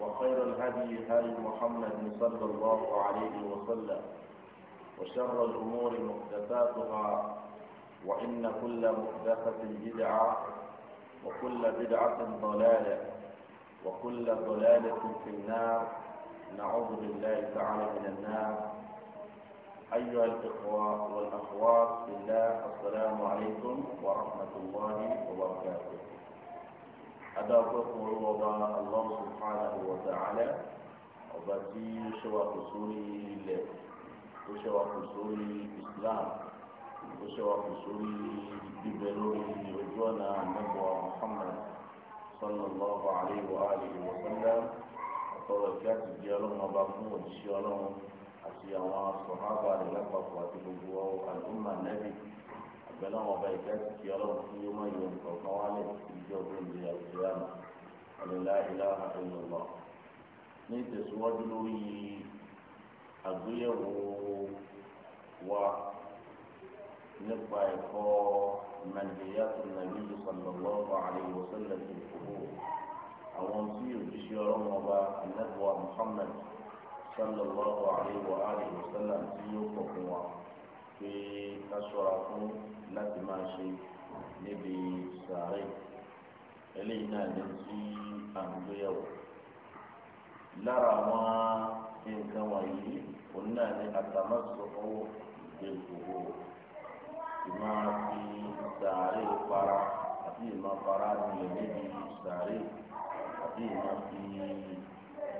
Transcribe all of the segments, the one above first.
وخير الهدي هدي محمد صلى الله عليه وسلم وشر الأمور محدثاتها وإن كل محدثة بدعة وكل بدعة ضلالة وكل ضلالة في النار نعوذ بالله تعالى من النار أيها الإخوة والأخوات بالله السلام عليكم ورحمة الله وبركاته adáwọ́pẹ́ fún olúwọba Allah subhanahu wa ta'ala ọba tí ó ṣe wà kò sórí ilẹ̀ ó ṣe wà kò sórí Islam ó ṣe wà kò sórí bíbẹ lórí ojú ọ̀nà àmọ́bọ̀ Muhammad sallallahu alayhi wa alihi wa sallam ọ̀tọ̀rọ̀ kí á ti ọba fún òjíṣẹ́ ọlọ́run àti àwọn sọ̀hábà rẹ̀ lápapọ̀ àti gbogbo àdúmà nẹ́bí bẹ́ẹ̀ náà ọba ìfẹ́ ti fi ọlọ́run tí ó mọ ìwé nǹkan wálé ìjọ ògbóǹde àgbéyàmù ọ̀lẹ́lá ìlà àtẹnulọ́ ní ìtẹ̀síwájú lórí àgbéyẹ̀wò wa nípa ẹ̀kọ́ mẹ́ndéyàtò nàbí sallallahu alayhi wa sallam ti fòwò àwọn tí òjíṣẹ́ ọlọ́run ọba anábọ̀ Muhammad sallallahu wa alihi wa tí yóò pọ̀ fún wa pé ká ṣọ́ra fún láti máa ṣe níbi sàárè eléyìí náà lè sí àmúgbéyàwó lára àwọn nǹkan wọ̀nyí òun náà ni àtàmọ́sọ̀kọ́ ìgbèkùwò ìmọ̀ fi sàárè para àti ìmọ̀ para nílẹ̀ níbi sàárè àti ìmọ̀ fi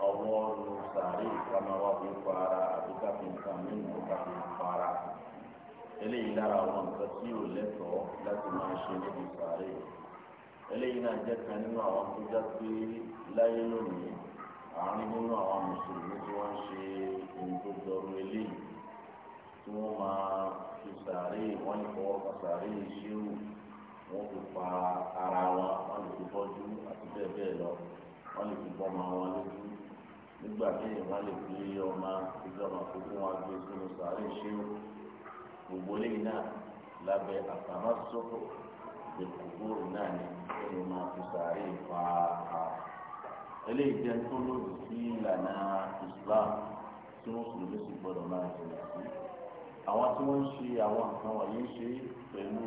ọwọ́ lu sàárè kámáwá fi para àti káfíńkà mímu káfíńkà para eléyìí lára àwọn nǹkan tí yóò lẹ́tọ̀ọ́ láti máa ṣe níbi sàárè eléyìí náà jẹ́ kan nínú àwọn tó já pé láyé lónìí àárín nínú àwọn mùsùlùmí tí wọ́n ń ṣe ohun tó jọrú eléyìí tí wọ́n máa fi sàárè wọ́n ní fọwọ́ pa sàárè ṣéwù wọ́n fi pa ara wọn wọ́n lè fi bọ́jú àti bẹ́ẹ̀ bẹ́ẹ̀ lọ wọ́n lè fi bọ́mọ wọn lójú nígbà míì wọ́n lè fi ọmọ ìjọba kókó wọn gbé sínú sàárè ṣéwù gbogbo lẹ́yìn náà lábẹ́ àfàmà sọkò gbẹkùgbòrò náà ni ẹni máa fi sàárè fa eléyìí jẹ tó lòdì sí ìlànà Islam tí mùsùlùmí sì gbọ́dọ̀ máa jìnnà sí àwọn tí wọ́n ń ṣe àwọn nǹkan wọ̀nyí ń ṣe pẹ̀lú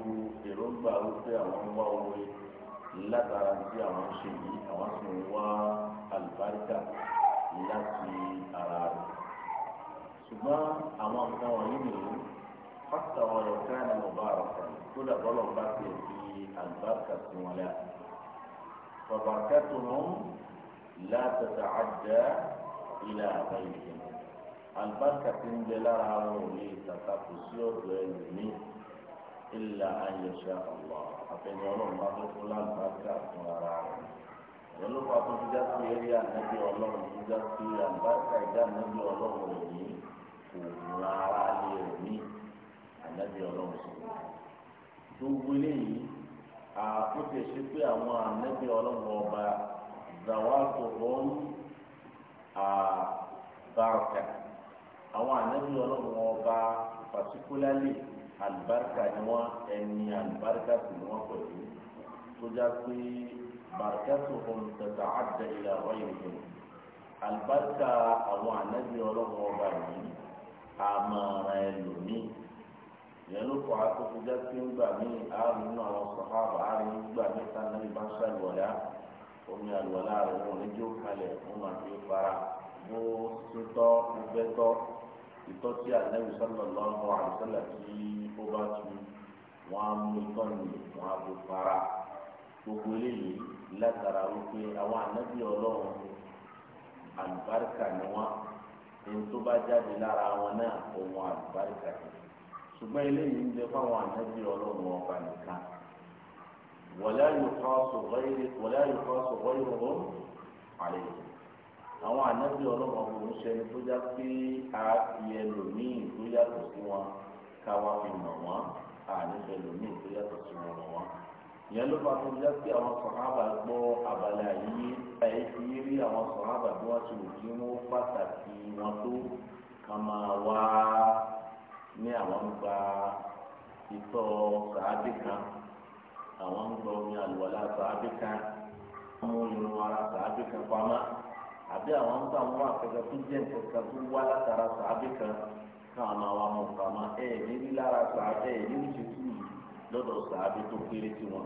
èròǹgbà wípé àwọn ń wá owó látara tí àwọn ń ṣe yìí àwọn sì ń wá àlùbáríkà láti ara rẹ̀ ṣùgbọ́n àwọn nǹkan wọ̀nyí nìyí. حتى ولو كان مباركا كل ظلم باقي في البركة ولا فبركتهم لا تتعدى إلى غيرهم البركة بلا رأوا لي تتفسير إلا أن يشاء الله أفين يولون ما تقول البركة وراءهم pẹ̀lú pàtó jíjá sí eré ànábì ọlọ́run jíjá sí àǹbáṣà ìjà ànábì ọlọ́run òní kò rárá ànábì ọlọ́run sọ gbogbo eléyìí àkókò ṣe pé àwọn ànábì ọlọ́run ọba zawato wọn àbáàkà àwọn ànábì ọlọ́run ọba pàtíkúlálì àlùbáríkà ni wọn ẹni àlùbáríkà sì ni wọn pẹ̀lú tó já pé bàrkàtò hàn tẹ̀sà àdé ìlà wáyé yìí àlùbáríkà àwọn ànábì ọlọ́run ọba yìí àmàrà ẹlòmíì ìyẹn ló fọ akókòjá tí ń gbà mí àárín nínú àwọn sọ̀hábà àárín gbà mí sanni bá ń ṣàlùwọ̀lá omi àlùwọ̀lá rẹ̀ wọn ní jó kalẹ̀ wọn máa fi fara bó títọ́ fúnfẹ́ tọ́ ìtọ́ tí ànábì sallallahu alaihi tí ó bá tu wọn á mú ikọ́ ni wọn á bó fara gbogbo eléyìí látara wípé àwọn ànábì ọlọ́run àlùbáríkà ni wọn ẹni tó bá jáde lára wọn náà òun àlùbáríkà ni ṣùgbọ́n eléyìí ń jẹ fáwọn ànábì ọlọ́run ọba nìkan wọlé yòókọ́ sọ̀rọ̀ ìrọ̀rọ̀ àlẹ́ àwọn ànábì ọlọ́run ọba ń ṣẹni tó já pé a fi ẹlòmíì tó yàtọ̀ sí wọn káwa fi mọ̀ wọ́n àníṣe ẹlòmíì tó yàtọ̀ sí wọn mọ̀ wọ́n ìyẹn ló máa fi já sí àwọn sọ̀hábà gbọ́ abala yìí ẹ̀yẹ ti rí àwọn sọ̀hábà bí wọ́n ti wù kí wọ́n pàtàkì wọn tó kà máa wá. ní àwọn ń gba ìtọ́ sàádé kan àwọn ń gba omi àlùwàlá sàádé kan mú irun ara sàádé kan pamọ́ àbí àwọn ń gbà wọn àpẹẹrẹ tó jẹ́ nǹkan tó wá látara sàádé kan káwọn máa wà mọ pamọ́ ẹ nírí lára sàádé ẹ nírí ṣètú yìí lọ́dọ̀ sàádé tó kéré sí wọn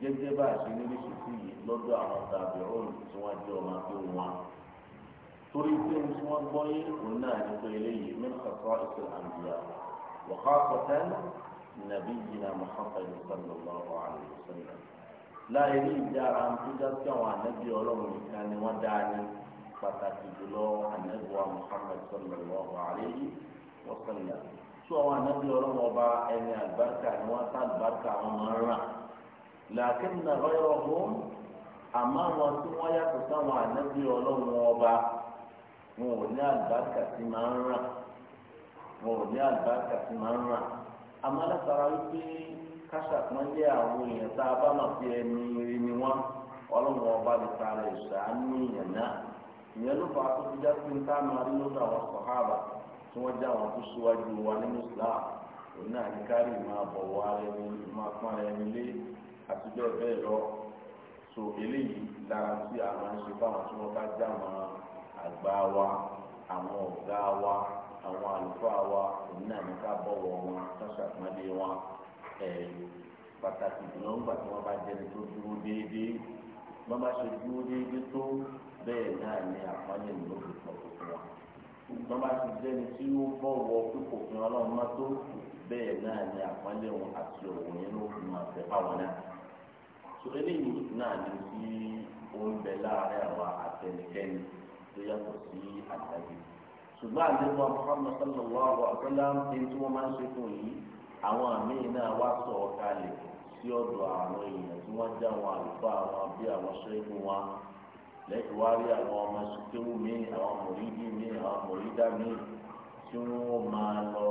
gẹ́gẹ́ bá a ṣe nírí ṣètú yìí lọ́dọ̀ àwọn tàbí tí ọmọ tó wọn. torí pé ní wọ́n gbọ́ yé òun náà ní pé eléyìí min khasa'is al-anbiya wa khassatan nabiyyina Muhammad sallallahu alaihi wasallam láì ní ìjára ń tó jásí àwọn ànábì ọlọ́run nìkan ni wọ́n dá ní pàtàkì jùlọ ànábì wa Muhammad sallallahu alaihi wasallam tó àwọn ànábì ọlọ́run ọba ẹni àlùbáríkà ni wọ́n tá àlùbáríkà wọn máa rà wọn ò ní àlùbáríkà tí máa ń ràn wọn ò ní àlùbáríkà tí máa ń ràn àmọ́ wípé káṣàpọ́nlé àwọn èèyàn tá a bá mà sí rí ni tara ìṣàánú èèyàn náà ìyẹn ló fà á tó fi já sí nǹkan àmọ́ adúlọ́dọ̀ àwọn sọ̀hábà tí wọ́n já àwọn Islam òun náà ní kárí máa bọ̀wọ̀ ara ẹni máa pọ́n àtijọ́ so eléyìí lára tí àwọn tí wọ́n bá já máa àgbà wa àwọn ọ̀gá wa àwọn àlùfáà wa òun náà ní ká bọ̀wọ̀ wọn sọ́sọ́ àpọ́nlé wọn pàtàkì jùlọ ńgbà tí wọ́n bá jẹni tó dúró déédéé wọ́n bá ṣe dúró déédéé tó bẹ́ẹ̀ náà ní àpọ́nlé ló fi pọ̀ wa wọ́n bá ṣe jẹni tí ó bọ̀wọ̀ pípò fún ọlọ́run má tó bẹ́ẹ̀ náà ní àpọ́nlé wọn àti òun yẹn ló fi máa fẹ́ fáwọn náà so eléyìí náà ní sí oúnjẹ láàárín àwọn àtẹnikẹ́ni tó yàtọ̀ sí àtàgé ṣùgbọ́n àdébọ̀ Muhammad sallallahu alaihi wa sallam ní tí wọ́n máa ń ṣe fún yìí àwọn àmì náà wá sọ kalẹ̀ sí ọ̀dọ̀ àwọn èèyàn tí wọ́n já àwọn àlùfáà àwọn bí àwọn ṣẹ́gun wa lẹ́yìn wá rí àwọn ọmọ sùkéwù mi àwọn mọ̀rídì mi àwọn mọ̀rídà mi tí wọ́n máa lọ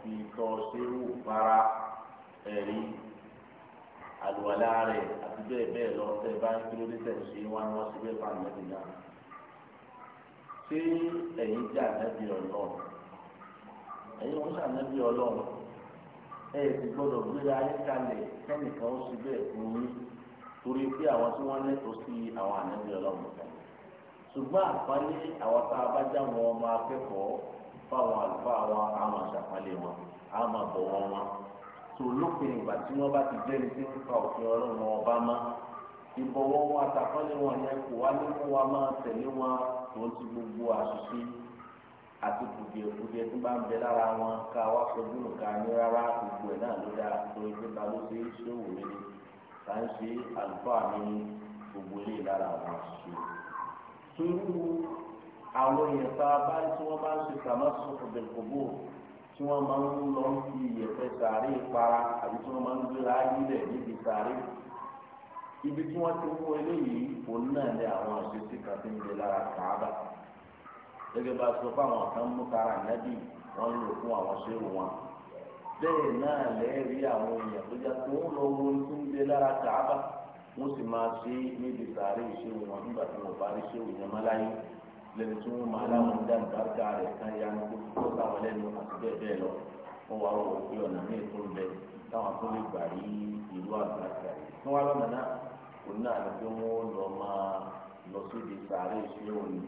fi tọ́ ṣéwù fara ẹ̀rí àlùwàlá rẹ̀ àti bẹ́ẹ̀ bẹ́ẹ̀ lọ tẹ́ bá ń kí ló tẹ̀ ṣe wá ní wọ́n ṣe bẹ́ẹ̀ fà pé ẹ̀yin jẹ́ ànábì ọlọ́run ẹ̀yin wọn ṣe ànábì ọlọ́run ẹ̀ ti gbọ́dọ̀ gbéra ayé kalẹ̀ kẹ́nìkan ó sì bẹ́ẹ̀ fún yín torí pé àwọn tí wọ́n lẹ́tọ̀ọ́ sí àwọn ànábì ọlọ́run kan ṣùgbọ́n àwọn tá a bá já wọn ọmọ akẹ́kọ̀ọ́ fáwọn àlùfáà á máa ṣàpálẹ̀ ìbọ̀wọ̀ wọn àtàkọ́lé wọn yẹn kò wá ní kó wa máa tẹ̀lé wọn tó ti gbogbo àṣìṣe àti kùdìẹ̀kùdìẹ̀ tó bá ń bẹ lára wọn ká wá fojú nìka ní rárá gbogbo ẹ̀ náà ló dáa torí pé ta ló ṣe é ṣòwò mi ni ta ń ṣe àlùfáà mi gbogbo ilé lára àwọn àṣìṣe. torú àwọn èèyàn tá a bá tí wọ́n bá ń ṣe tàmásùn ọ̀bẹ̀kọ̀bọ̀ tí wọ́n máa ń lọ fi ìyẹ̀fẹ́ sàárè para àbí tí wọ́n máa ń gbéra ayílẹ̀ níbi sàárè ibi tí wọ́n ti ń wọ eléyìí òun náà ní àwọn àṣetì kan ti ń gbé lára kàába gẹ́gẹ́ bá a sọ fún àwọn kan mú kára nábì wọ́n lò fún àwọn ṣéwù wọn bẹ́ẹ̀ náà lẹ́ẹ̀rí àwọn èèyàn tó já tó ń lọ wo tí ń gbé lára kàába wọ́n sì máa ṣe níbi sàárè ìṣéwù wọn nígbà tí wọ́n bá rí ṣéwù yẹn máláyé lẹ́nu tí wọ́n máa láwọn ń dá ìbáraka rẹ̀ kan ya ní kókó tó sáwọn lẹ́nu àti bẹ́ẹ̀ bẹ́ẹ̀ lọ wọ́n wá wọ̀ pé ọ̀nà míì tó ń táwọn tó lè gbà rí ìlú àgbàkà rẹ̀ wọ́n wá lọ́nà náà náà ni pé wọ́n lọ máa lọ síbi sàárè sí òní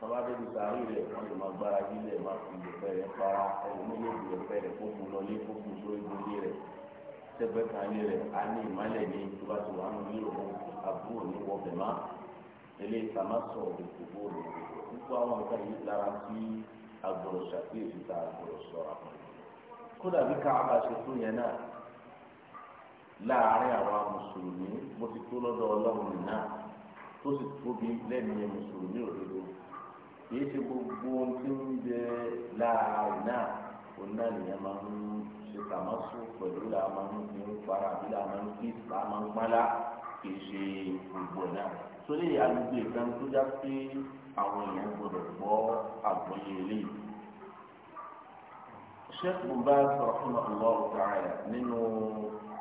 tọ́ba débi sàárè rẹ̀ wọ́n lè máa gbára nílẹ̀ máa fi ìyẹ̀pẹ̀ rẹ̀ para ẹlòmílẹ̀ ìyẹ̀pẹ̀ rẹ̀ kó fún lọlé kó fún sórí gbòdì rẹ̀ tẹ́gbẹ́ kan lé rẹ̀ á ní ìmálẹ̀ ní tó bá ti wà nù ní àbúrò ní wọ́pẹ̀ má ilé ìtàmá sọ òkòkò rẹ̀ gbogbo àwọn nǹkan yìí lára sí agbọ̀rọ̀ ṣàkíyèsí ta agbọ̀rọ̀ sọ̀rọ̀ kódà bí káàbà ṣe fún yẹn náà láàárín àwa mùsùlùmí mo ti tó lọ́dọ̀ ọlọ́run náà tó sì tóbi lẹ́nu mùsùlùmí òdodo kìí ṣe gbogbo ohun tí ń bẹ láàárín náà òun náà nìyẹn máa ń ṣe tàmásù pẹ̀lú la máa ń fi ń fara bí la máa ń fi kìí ṣe gbogbo náà sórí àlùgbò ìkan tó já pé àwọn èèyàn gbọdọ̀ gbọ́ àgbọ́yé eléyìí. Sheikh Mubaz rahimahullah ta'ala nínú.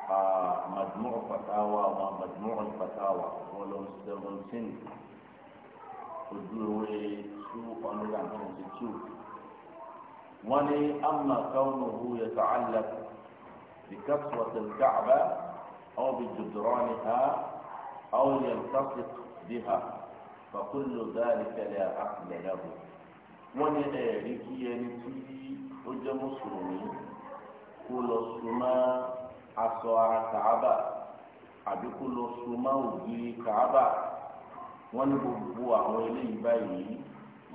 مجموع فتاوى ومجموع الفتاوى ولو سبعين قدوه سوق أمرا من السوق وني أما كونه يتعلق بكسوة الكعبة أو بجدرانها أو يلتصق بها فكل ذلك لا عقل له وني ní ẹ̀rí kí ẹni كل السماء aṣọ ara kàába àbí kó lọ súnmọ́ ògiri kàába wọ́n ní gbogbo àwọn eléyìí báyìí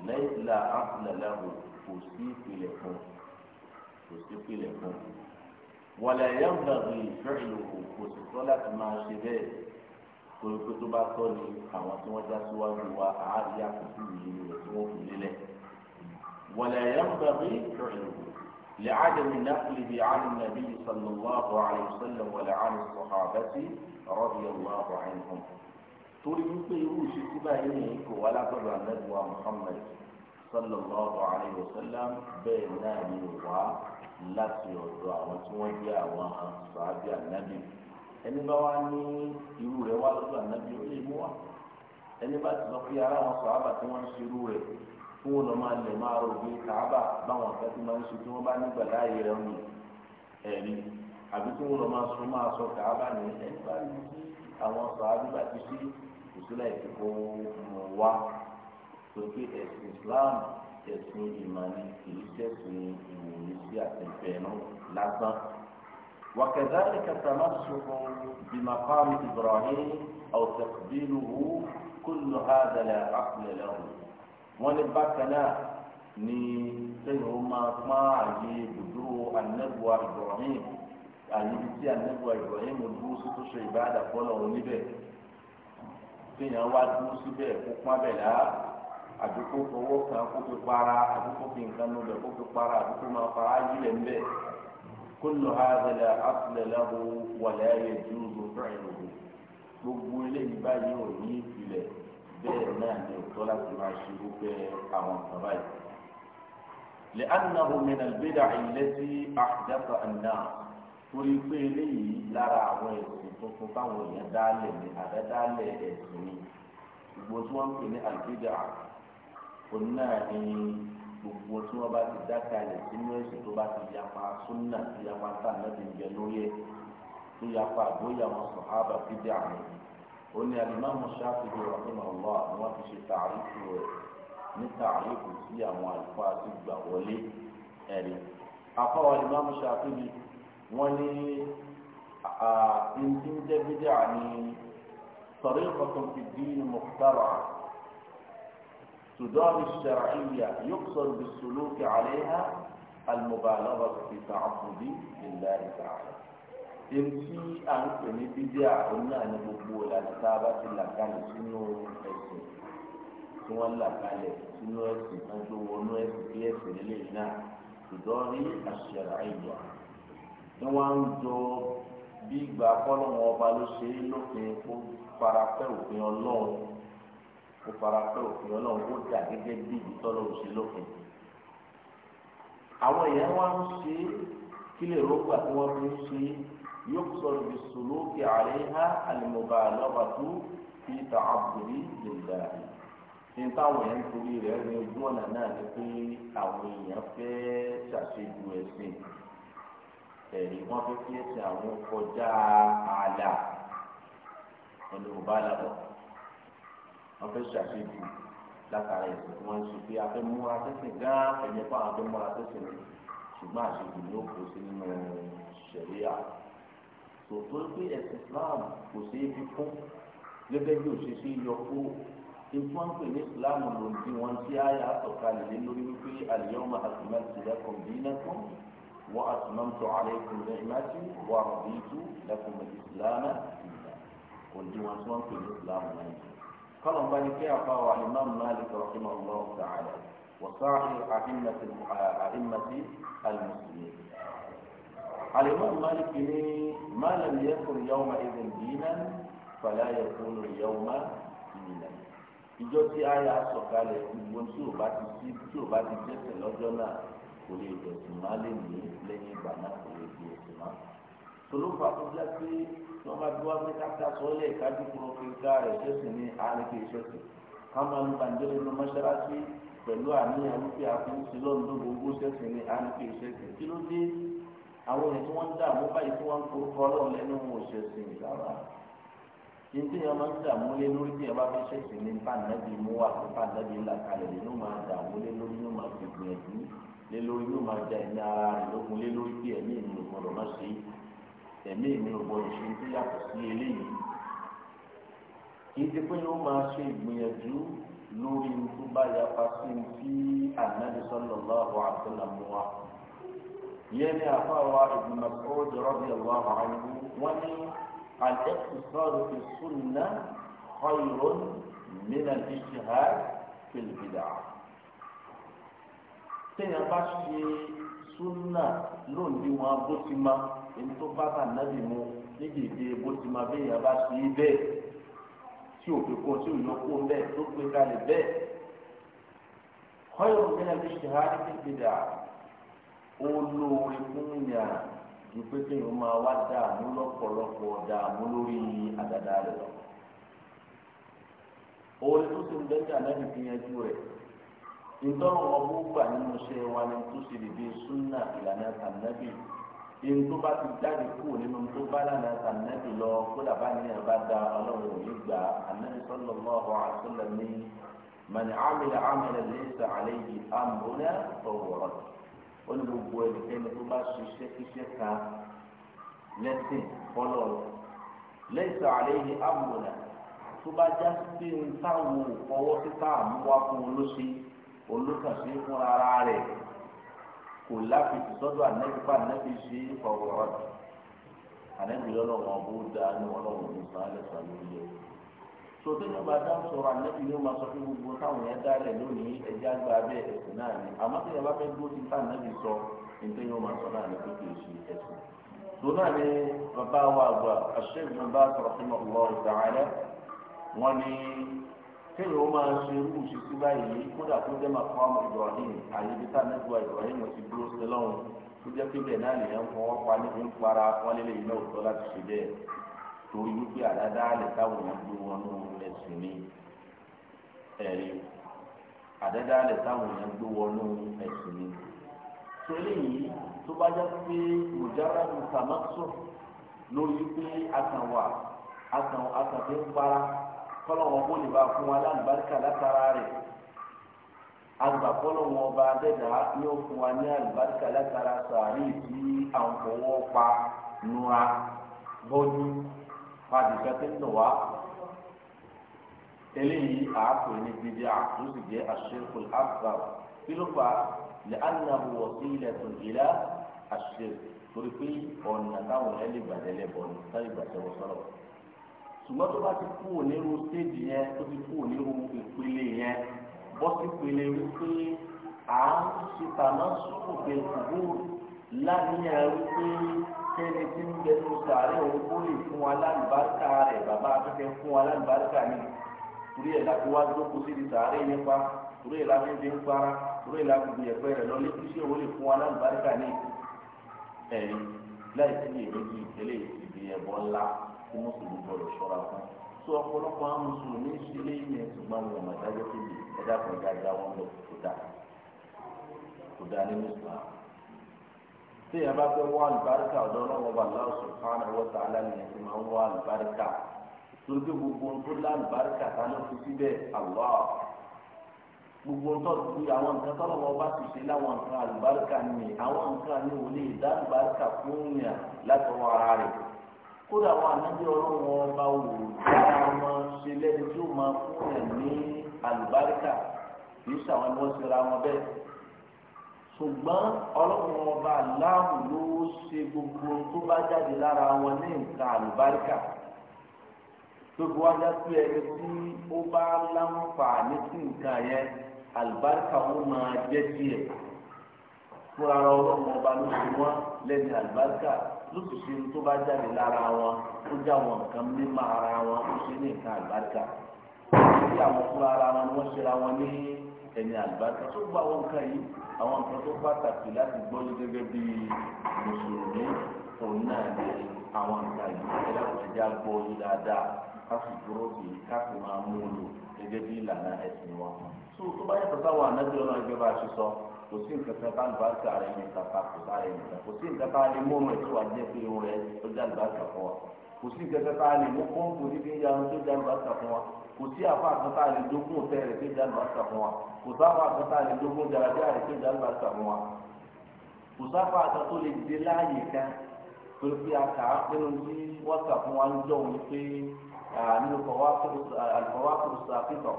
lẹ́yìnlá áfúlẹ̀lẹ́hù kò sí ìpìlẹ̀ fún kò sí ìpìlẹ̀ fún wàlẹ̀ yẹ́nbàgbé ìfẹ́rìlò kò sì tọ́ láti máa ṣe bẹ́ẹ̀ torí tó bá tọ́ ni àwọn tí wọ́n já síwájú wa àárí àkókò yìí rẹ̀ wọ́n fi lélẹ̀ wàlẹ̀ yẹ́nbàgbé ìfẹ́rìlò. لعدم النقل عن النبي صلى الله عليه وسلم ولا عن الصحابة رضي الله عنهم torí wípé irú ìṣesí báyìí ní kò wá lábẹ́rẹ́ anẹ́gbọ́n muhammed sallallahu alayhi wa sallam bẹ́ẹ̀ náà ni wá láti ọ̀dọ̀ àwọn tí wọ́n jẹ́ àwọn sàábì ànábì ẹni bá wá ní irú rẹ̀ wá lọ́dọ̀ ànábì ó lè mú wa ẹni bá ti sọ pé ara àwọn sàábà tí wọ́n ń ṣe irú rẹ̀ kí wọn lọ máa lẹ̀ máa rògbé káábà báwọn akẹ́ tí máa ń sọ tí wọ́n bá nígbà láàyè rẹ̀ ń ẹ̀rí àbí tí wọn lọ máa sọ máa sọ káábà ní ẹ̀ka ní àwọn sọ àdúgbà tí sí ìsúlẹ̀ ìdìbò mọ̀ wá tó ẹ̀sìn Islam ẹ̀sìn ìmọ̀ni kìí ṣẹ̀sìn ìwòye sí àtẹ̀fẹ̀ẹ́nu lásán. وكذلك تمسك بمقام إبراهيم أو تقبيله كل هذا لا عقل له wọ́n ní bákan náà ní sẹ́yìn ó máa pọ́n àyè ibùdó anẹ́bùwà Ibrahim àyè ibi tí anẹ́bùwà Ibrahim dúró sí tó ṣe ìbáàdà fọ́lọ́ oníbẹ̀ sẹ́yìn wá dúró síbẹ̀ kó pọ́n bẹ̀ dá àdúgbò fowó kan kó fi para àdúgbò fi nǹkan nù bẹ̀ kó fi para àdúgbò máa para yílẹ̀ ń bẹ̀ kólú hàzẹlẹ àtúlẹ̀lẹ́hu wọ̀lẹ́ yẹ dúró lóṣù fẹ́rẹ̀ gbogbo eléyìí báyìí ò ní ìpìlẹ̀ bẹ́ẹ̀ náà ni ò tọ́ láti máa ṣe wípé àwọn kan báyìí. لأنه من البدع التي أحدثها الناس torí pé eléyìí lára àwọn ẹ̀sìn tuntun táwọn èèyàn dálẹ̀ ní àdádálẹ̀ ẹ̀sìn ni gbogbo tí wọ́n ń pè ní àlùbídà òun náà ni gbogbo tí wọ́n bá ti dákalẹ̀ sínú ẹ̀sìn tó bá ti yapa súnà tó yapa tá ànábì ń bẹ lórí ẹ̀ tó yapa àgbóyàwó sọ̀hábà bídà nìyí. قلنا الإمام الشافعي رحمه الله wọ́n التعريف ṣe tààrífù rẹ̀ ní tààrífù sí الإمام الشافعي ولي ní ẹni بدعني طريقة في الدين مخترعة تدار الشرعية يقصد بالسلوك عليها المبالغة في تعبد لله تعالى èmi à ń pè ní bíbíà òun náà ní gbogbo ìlànà tá a bá ti là kalẹ̀ sínú ẹ̀sìn tí wọ́n là kalẹ̀ sínú ẹ̀sìn tó ń tó wọnú ẹ̀sìn bí ẹ̀sìn nílé yìí náà ìdọ́rí àṣẹ̀rà ìwà tí wọ́n ń jọ bí ìgbà kọ́lọ́wọ́n ọba ló ṣe é lópin kó farapẹ́ òfin ọlọ́run kó farapẹ́ òfin ọlọ́run kó dà gẹ́gẹ́ bí ìtọ́lọ́ òṣèlú lópin. àwọn èèyàn wá ń ṣe kí lè tí wọ́n fi ń ṣe يقصد بالسلوك عليها المبالغة في تعبد لله ní táwọn èèyàn torí rẹ̀ ní ojú ọ̀nà náà ni pé àwọn èèyàn fẹ́ ṣàṣejù ẹ̀sìn ẹ̀rí wọn fẹ́ kí ẹ̀sìn àwọn kọjá ààlà ẹni ò bá làbọ̀ wọn fẹ́ ṣàṣejù látara ẹ̀sìn wọn ṣe pé afẹ́ múra sẹ́sìn gán ẹ̀yẹ́fọ́ àwọn afẹ́ múra sẹ́sìn ṣùgbọ́n àṣejù ló kó sí nínú ṣẹ̀ríà tòótọ́ pé ẹ̀sìn Islam kò sí ibi fún gẹ́gẹ́ bí òṣìṣẹ́ yọ kó ikú wọn pè ní Islam ló ń bí wọn tí àyà àtọ̀kalẹ̀ lé lórí wípé al-yawma akmaltu lakum dinakum wa atmamtu alaykum ni'mati wa raditu lakum al-islama kò ní wọn tí wọn pè ní Islam náà kọ́lọ̀ bá ní kí àfa wa Imam Malik rahimahullah ta'ala wa sa'ir ahimmati al-muslimin alimami maliki ni malam yakun yawma idin dinan fala yakun yawma dinan ìjọ tí àyà sọ̀kalẹ̀ gbogbo tí o bá ti sí tí o bá ti dẹ́ṣẹ̀ lọ́jọ́ náà kò lè dẹ̀sùn má lè ní lẹ́yìn ìgbà náà kò lè di ẹ̀sùn má. tolófa tó já pé tí wọ́n bá bí wá pé káta sọ́ọ́lẹ̀ kájú kúrò kíkà rẹ̀ ṣẹ̀sìn ní àlejò ìṣẹ̀sìn ká máa ń gbàǹjẹ́ nínú mọ́ṣáláṣí pẹ̀lú àníyàn wípé àfihàn sí lọ́nà gbogbo ṣẹ̀sìn ní àlejò ìṣẹ̀sìn kí ló dé àwọn èèyàn tí wọ́n ń dààmú báyìí tí wọ́n ń forúkọ ọlọ́run lẹ́nu òṣèṣin ìgbàlá yìí tí wọ́n máa ń dààmú lé lórí tí wọ́n bá fẹ́ ṣẹ̀ṣìn ní bàǹdàbí mú wà ní bàǹdàbí ńlá kalẹ̀ lè ló máa dààmú lé lórí ló máa fi gbìyànjú lé lórí ló máa da ẹ̀mí ara rẹ̀ lógun lé lórí pé ẹ̀mí mi ò má ṣe ẹ̀mí mi ò ṣe tí yàtọ̀ sí eléyìí kì pé sallallahu alaihi wasallam ìyẹn ní àfáwà Ibn Mas'ud radiyallahu anhu wọ́n ní al-iqtisad fi sunnah khayrun min al-ijtihad fil bid'ah. téèyàn bá ṣe súnà lónìí wọn bó ti ma èyí tó bá bá nábì mu nígbèdè bó ti ma bẹ́ẹ̀ yẹn bá ṣe bẹ́ẹ̀ tí òfin kan tí òyìn kó bẹ́ẹ̀ tó gbé kalẹ̀ bẹ́ẹ̀ khayrun min al-ijtihad fil bid'ah ó lóore fún yàn ju pé kéèyàn máa wá dààmú lọ́pọ̀lọpọ̀ dààmú lórí àdàdà rẹ̀ lọ. òun tó ti ń bẹ́jà lẹ́nu fi yanjú rẹ̀ ìtọ́nà ọmọ gbà nínú iṣẹ́ wa ni tó ṣe lè bí súnà ìlànà tànàbì ìyẹn tó bá ti jáde kúrò nínú tó bá lànà tànàbì lọ kódà bá ní ẹ̀bá da ọlọ́run òní gbà ànábi sọ́lọ́ lọ́wọ́ àṣọlẹ̀ ní ó ní gbogbo ẹnikẹ́ni tó bá ṣiṣẹ́ ṣiṣẹ́ kan lẹ́sìn fọlọ́ lẹ́sìn àlẹ́ yìí àmúlẹ̀ tó bá já sí ń táwọn òfọwọ́ títà àmúwá fún olóṣè olókàṣe fún ara rẹ̀ kò láfíìsì sọ́dọ̀ ànẹ́gbà ànẹ́bí ṣe fọwọ́rọ́ ànẹ́bí lọ́lọ́wọ́ bó dáa ní ọlọ́wọ́ nípa ẹlẹ́sàn lórí ẹ̀. sọtẹ́ ya tá à ń sọ̀rọ̀ ànábì yóò máa ya pé gbogbo táwọn yẹn dálẹ̀ lónìí ya àgbà abẹ́ ẹ̀sìn náà ni àmọ́ ba yẹn bá fẹ́ dúró títà ànábì sọ nígbà yóò máa sọ náà ní pípé èsì ẹ̀sìn. sọ̀rọ̀ náà ni bàbá wa àgbà àṣẹ bàbá sọ̀rọ̀ ni Ibrahim Ibrahim ti torí wípé àdádáálẹ̀ táwọn èèyàn gbé wọn wọn ní ẹ̀sìn ní. sẹ́lẹ̀ yìí tó bá já pé mùjára ní sàmásọ̀ lórí pé àtàwà àtàfẹ́ ń para kọ́lọ́wọ́n kó lè bá fún wa lálùbáríkà látara rẹ̀ agbàkọ́lọ̀ wọn ọba abẹ́dá yóò fún wa ní àlùbáríkà látara sàárì tí pa pàdé kẹtẹ ń dùn wá eléyìí àápò ní bíbí àtúntò sì jẹ àṣekù àgbà kí ló fà lè ànàbù wọ̀sí ilẹ̀ tó ìlà àṣe torí pé ọ̀nà táwọn ẹ̀ lè gbàdẹ́lẹ̀ bọ̀ ti kú onírú stéèjì yẹn tó ti kú onírú ìpele yẹn bọ́ sí ìpele wípé à ń ṣe tàná sókòkè òwúrò kéde tí ń bẹ nínú sàárẹ̀ òun kó lè fún wa lálùbáríkà rẹ̀ bàbá akẹ́kẹ́ fún wa lálùbáríkà ni torí ẹ̀ láti wá jókòó sí ti sàárẹ̀ yẹn pa torí ẹ̀ láti fi ń para torí ẹ̀ láti fi ẹ̀pẹ́ rẹ̀ lọ létí sí òun lè fún wa lálùbáríkà ni ẹ̀rí láì sí èméjì ìtẹ́lẹ̀ ìdí ẹ̀bọ ńlá tí mùsùlùmí gbọdọ̀ ṣọ́ra fún tó ọ̀pọ̀lọpọ̀ àwọn mùsùlùmí ṣe léyìn tí èèyàn bá fẹ́ wá àlùbáríkà ọ̀dọ́ náà wọ́n bá Allahu subhanahu wa ta'ala nìyẹn ti máa ń wá àlùbáríkà torí gbogbo ohun tó lá àlùbáríkà tá ló fi síbẹ̀ Allah gbogbo ohun tó ti àwọn nǹkan tó lọ́wọ́ bá ti ṣe láwọn nǹkan àlùbáríkà ni àwọn nǹkan ni ò lè dá àlùbáríkà fún yàn látọwọ́ ara rẹ̀ kódà àwọn ànábì ọlọ́wọ́ bá wò dára wọn ṣe lẹ́ni tí máa fún yàn ní àlùbáríkà kì í ṣàwọn ẹni wọ́n ṣe ra wọn bẹ́ẹ̀ ṣùgbọ́n ọlọ́run ọba aláàmù ló ṣe gbogbo tó bá jáde lára wọn ní nǹkan àlùbáríkà gbogbo wájà pé ẹni tí ó bá láǹfààní sí nǹkan yẹn àlùbáríkà wọn máa jẹ́ díẹ̀ fúnra ọlọ́run ọba ló ṣe wọ́n lẹ́ni àlùbáríkà ló sì ṣe tó bá jáde lára wọn ó já wọn nǹkan mímọ́ ara wọn ó ṣe ní nǹkan àlùbáríkà ó ṣe àwọn fúnra ara wọn ni wọ́n ṣe ra wọn ní ẹni àlùbáṣà tó gba àwọn nǹkan yìí àwọn nǹkan tó pàtàkì láti gbọ́ ní gẹ́gẹ́ bí mùsùlùmí òun náà ní àwọn nǹkan yìí ẹ̀dá kò sì já gbọ́ yìí dáadáa ká sì dúró sí i ká sì máa mú un lò gẹ́gẹ́ bí ìlànà ẹ̀sìn wọn. tó tó bá yàtọ̀ sáwọn ànájọ́ ọlọ́run ẹgbẹ́ bá a ṣe sọ kò sí nǹkan kan bá àlùbáṣà rẹ̀ yẹn kàkà kò sáré nìkan kò sí nǹkan kan lè mú ọmọ ìtura kò sí ìjẹta tá a lè mú pọ́ǹpù níbi ń yanu tó jáde bá sà fún wa kò sí àfa àkàn tá a lè dógún òtẹ́ rẹ̀ tó jáde bá sà fún wa kò sáfa àkàn tá a lè dógún jàràdíà rẹ̀ tó jáde bá sà fún wa kò sáfa àkàn tó lè dé láàyè kan pẹ̀lú pé a kà á pẹ̀lú ní wọ́n sà wa ń jọ òun pé nínú àlùfọwọ́ àkùrùsà pípọ̀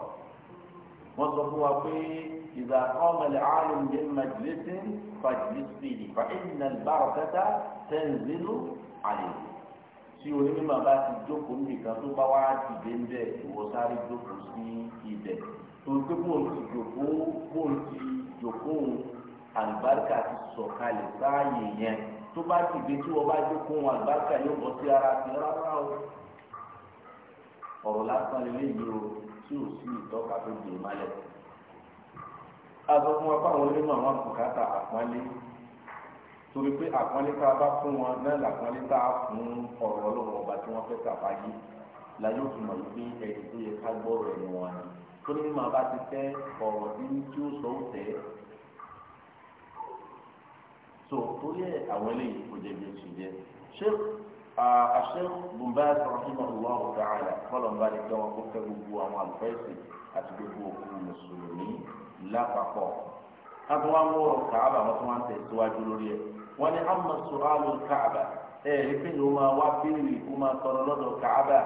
wọ́n sọ fún wa pé ìdá kọ́mọlẹ̀ àlùm yẹn màjìlẹ́sìn fàjìlẹ́sìn fàìnà bàrọ̀kátà tí onímọ̀ bá ti jókòó nìkan tó bá wá dìde ń bẹ̀ ìwọ sáré jókòó sí ibẹ̀ tó gbé bóun ti jókòó bóun ti jókòó àlùbáríkà ti sọ̀kalẹ̀ sáàyè yẹn tó bá dìde tí wọ́n bá jókòó àlùbáríkà yóò bọ́ sí ara ti rárá o ọ̀rọ̀ lásán lélẹ́yìí o tí ò sí ìtọ́ka tó dè mọ́lẹ̀. a sọ fún wa pé àwọn onímọ̀ wọn kò káta àpọ́nlé torí pé àpọ́nlé tá a bá fún wọn náà làpọ́nlé tá a fún ọ̀rọ̀ ọlọ́run ọba tí wọ́n fẹ́ tàbá la yóò fi mọ̀ wípé ẹ̀sìn tó yẹ ká gbọ́rọ̀ ẹ̀yìn wọn ni tó ní màá bá ti fẹ́ ọ̀rọ̀ tí tí ó sọ ó tẹ̀ ẹ́ tó tó yẹ àwọn eléyìí kò jẹ bí oṣù jẹ ṣé àṣẹ bùnbá sọ̀rọ̀ Allah ta'ala fọlọ́nba lè jẹ́ wọn kó fẹ́ gbogbo àwọn àlùfẹ́sì àti gbogbo òkú mùsùlùmí lápapọ̀ ká tó wá mú ọ̀rọ̀ kàábà wọn tó wá ń tẹ̀síwájú lórí ẹ̀ wọ́n ní amma su'alu káàbà ẹ̀ ẹ́ pé ló máa wá béèrè kó máa tọrọ lọ́dọ̀ káàbà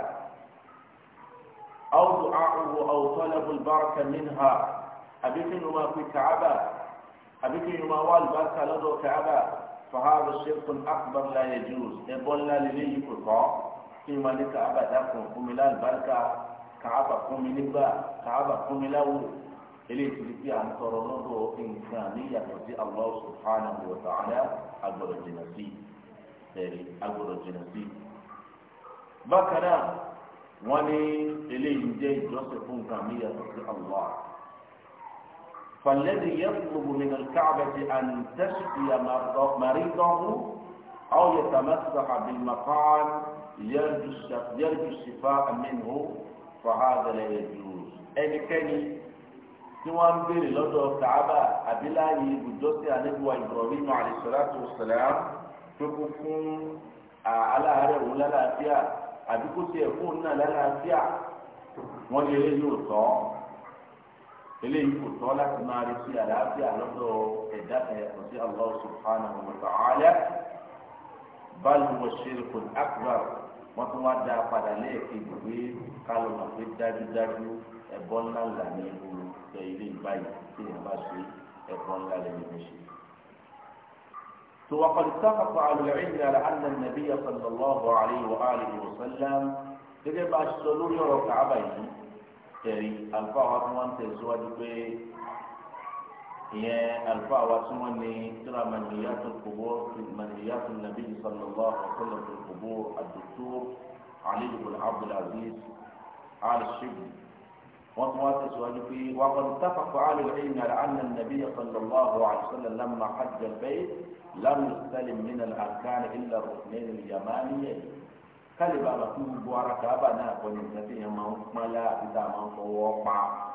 aw du'a'uhu aw talabu al-baraka minha àbí kí ló máa fi káàbà àbí kí ló máa wá àlùbáríkà lọ́dọ̀ káàbà fahadha shirkun akbar la yajuz ẹ̀bọ́ ńlá lélẹ́yìí kò tọ́ kí ló máa ní káàbà dákun fún mi lá àlùbáríkà káàbà fún mi nígbà káàbà eléyìí ti fi à ń tọrọ lọ́dọ̀ nǹkan ní yàtọ̀ sí Allah subhanahu wa ta'ala agbọ̀dọ̀ jìnnà sí ẹ̀rí agbọ̀dọ̀ jìnnà sí. bákan náà wọ́n ní eléyìí jẹ́ ìjọsìn fún nǹkan ní yàtọ̀ sí Allah. فالذي يطلب من الكعبة أن تشفي مريضه أو يتمسح بالمقام يرجو الشفاء منه فهذا لا يجوز. ẹnikẹ́ni tí wọ́n ń béèrè lọ́dọ̀ Kaaba abiláyé ibùdókè àlébùwà Ibrahim alayhisalatu wasalam tó fún aláàárẹ̀ òun lálàáfíà àdúgbò tí náà lálàáfíà wọ́n ní eléyìí eléyìí láti máa àlàáfíà subhanahu wa ta'ala báyìí wọ́n ṣe é kò akbar wọ́n tún wá nǹkan ilé ìbáyìí tí èèyàn bá ṣe ẹ̀kọ́ ńlá lẹ́nu mi ṣe. وقد اتفق على العلم على أن النبي صلى الله عليه وآله وسلم gẹ́gẹ́ bá a sọ lórí ọ̀rọ̀ kàába yìí tẹrí àlùfáà wa tí wọn ń pé ìyẹn àlùfáà wa tí wọn ní tíra manhiyatul qubur manhiyatul nabi sallallahu alaihi wa sallam fil qubur ad-doktor Ali ibn Abdul Aziz وقد اتفق على العلم ان النبي صلى الله عليه وسلم لما حج البيت لم يستلم من الأركان إلا الركنين اليمانيين كلب على طول بوركة أبنا ونمت فيه ملا إذا ما هو وقع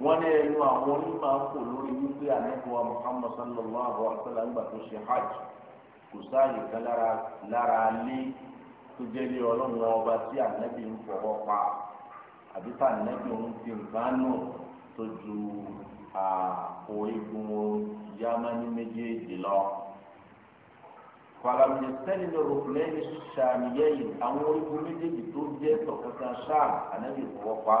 ونعلم أقول ما أقول لنبي أن هو محمد صلى الله عليه وسلم بكش حج كسالي كلارا لرا لي تجلي ولن وبسي النبي فوقع àbí fànẹ́bí òun fi rìbánù tó ju orígun yamani méjèèjì lọ. fàlàmì sẹ́ni ló rò pé ní sàmìyẹ́yìn àwọn orígun méjèèjì tó jẹ́ tọkọtaya sáà ànábì fọwọ́pa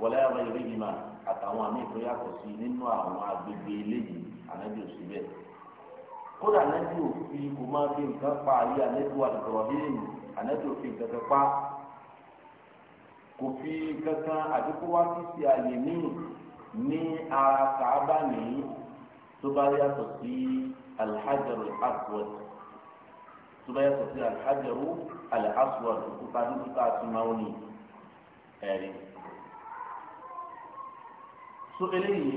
wọlé ẹ̀rọ ìrìnnà àtàwọn àmì tó yàtọ̀ sí nínú àwọn agbègbè eléyìí ànábì ò sí bẹ́ẹ̀ kódà ànábì ò fi kò máa fi nǹkan pa ayé ànábì wà lọ́rọ̀ bíi kò fi kankan àdínkù wá sí ti àyè míì ní ara kàábà nìyí tó bá yàtọ̀ sí alhajaru aswad tó bá yàtọ̀ sí alhajaru alaswad òkúta dúkúta àtúmáwòní ẹ̀rí. so eléyìí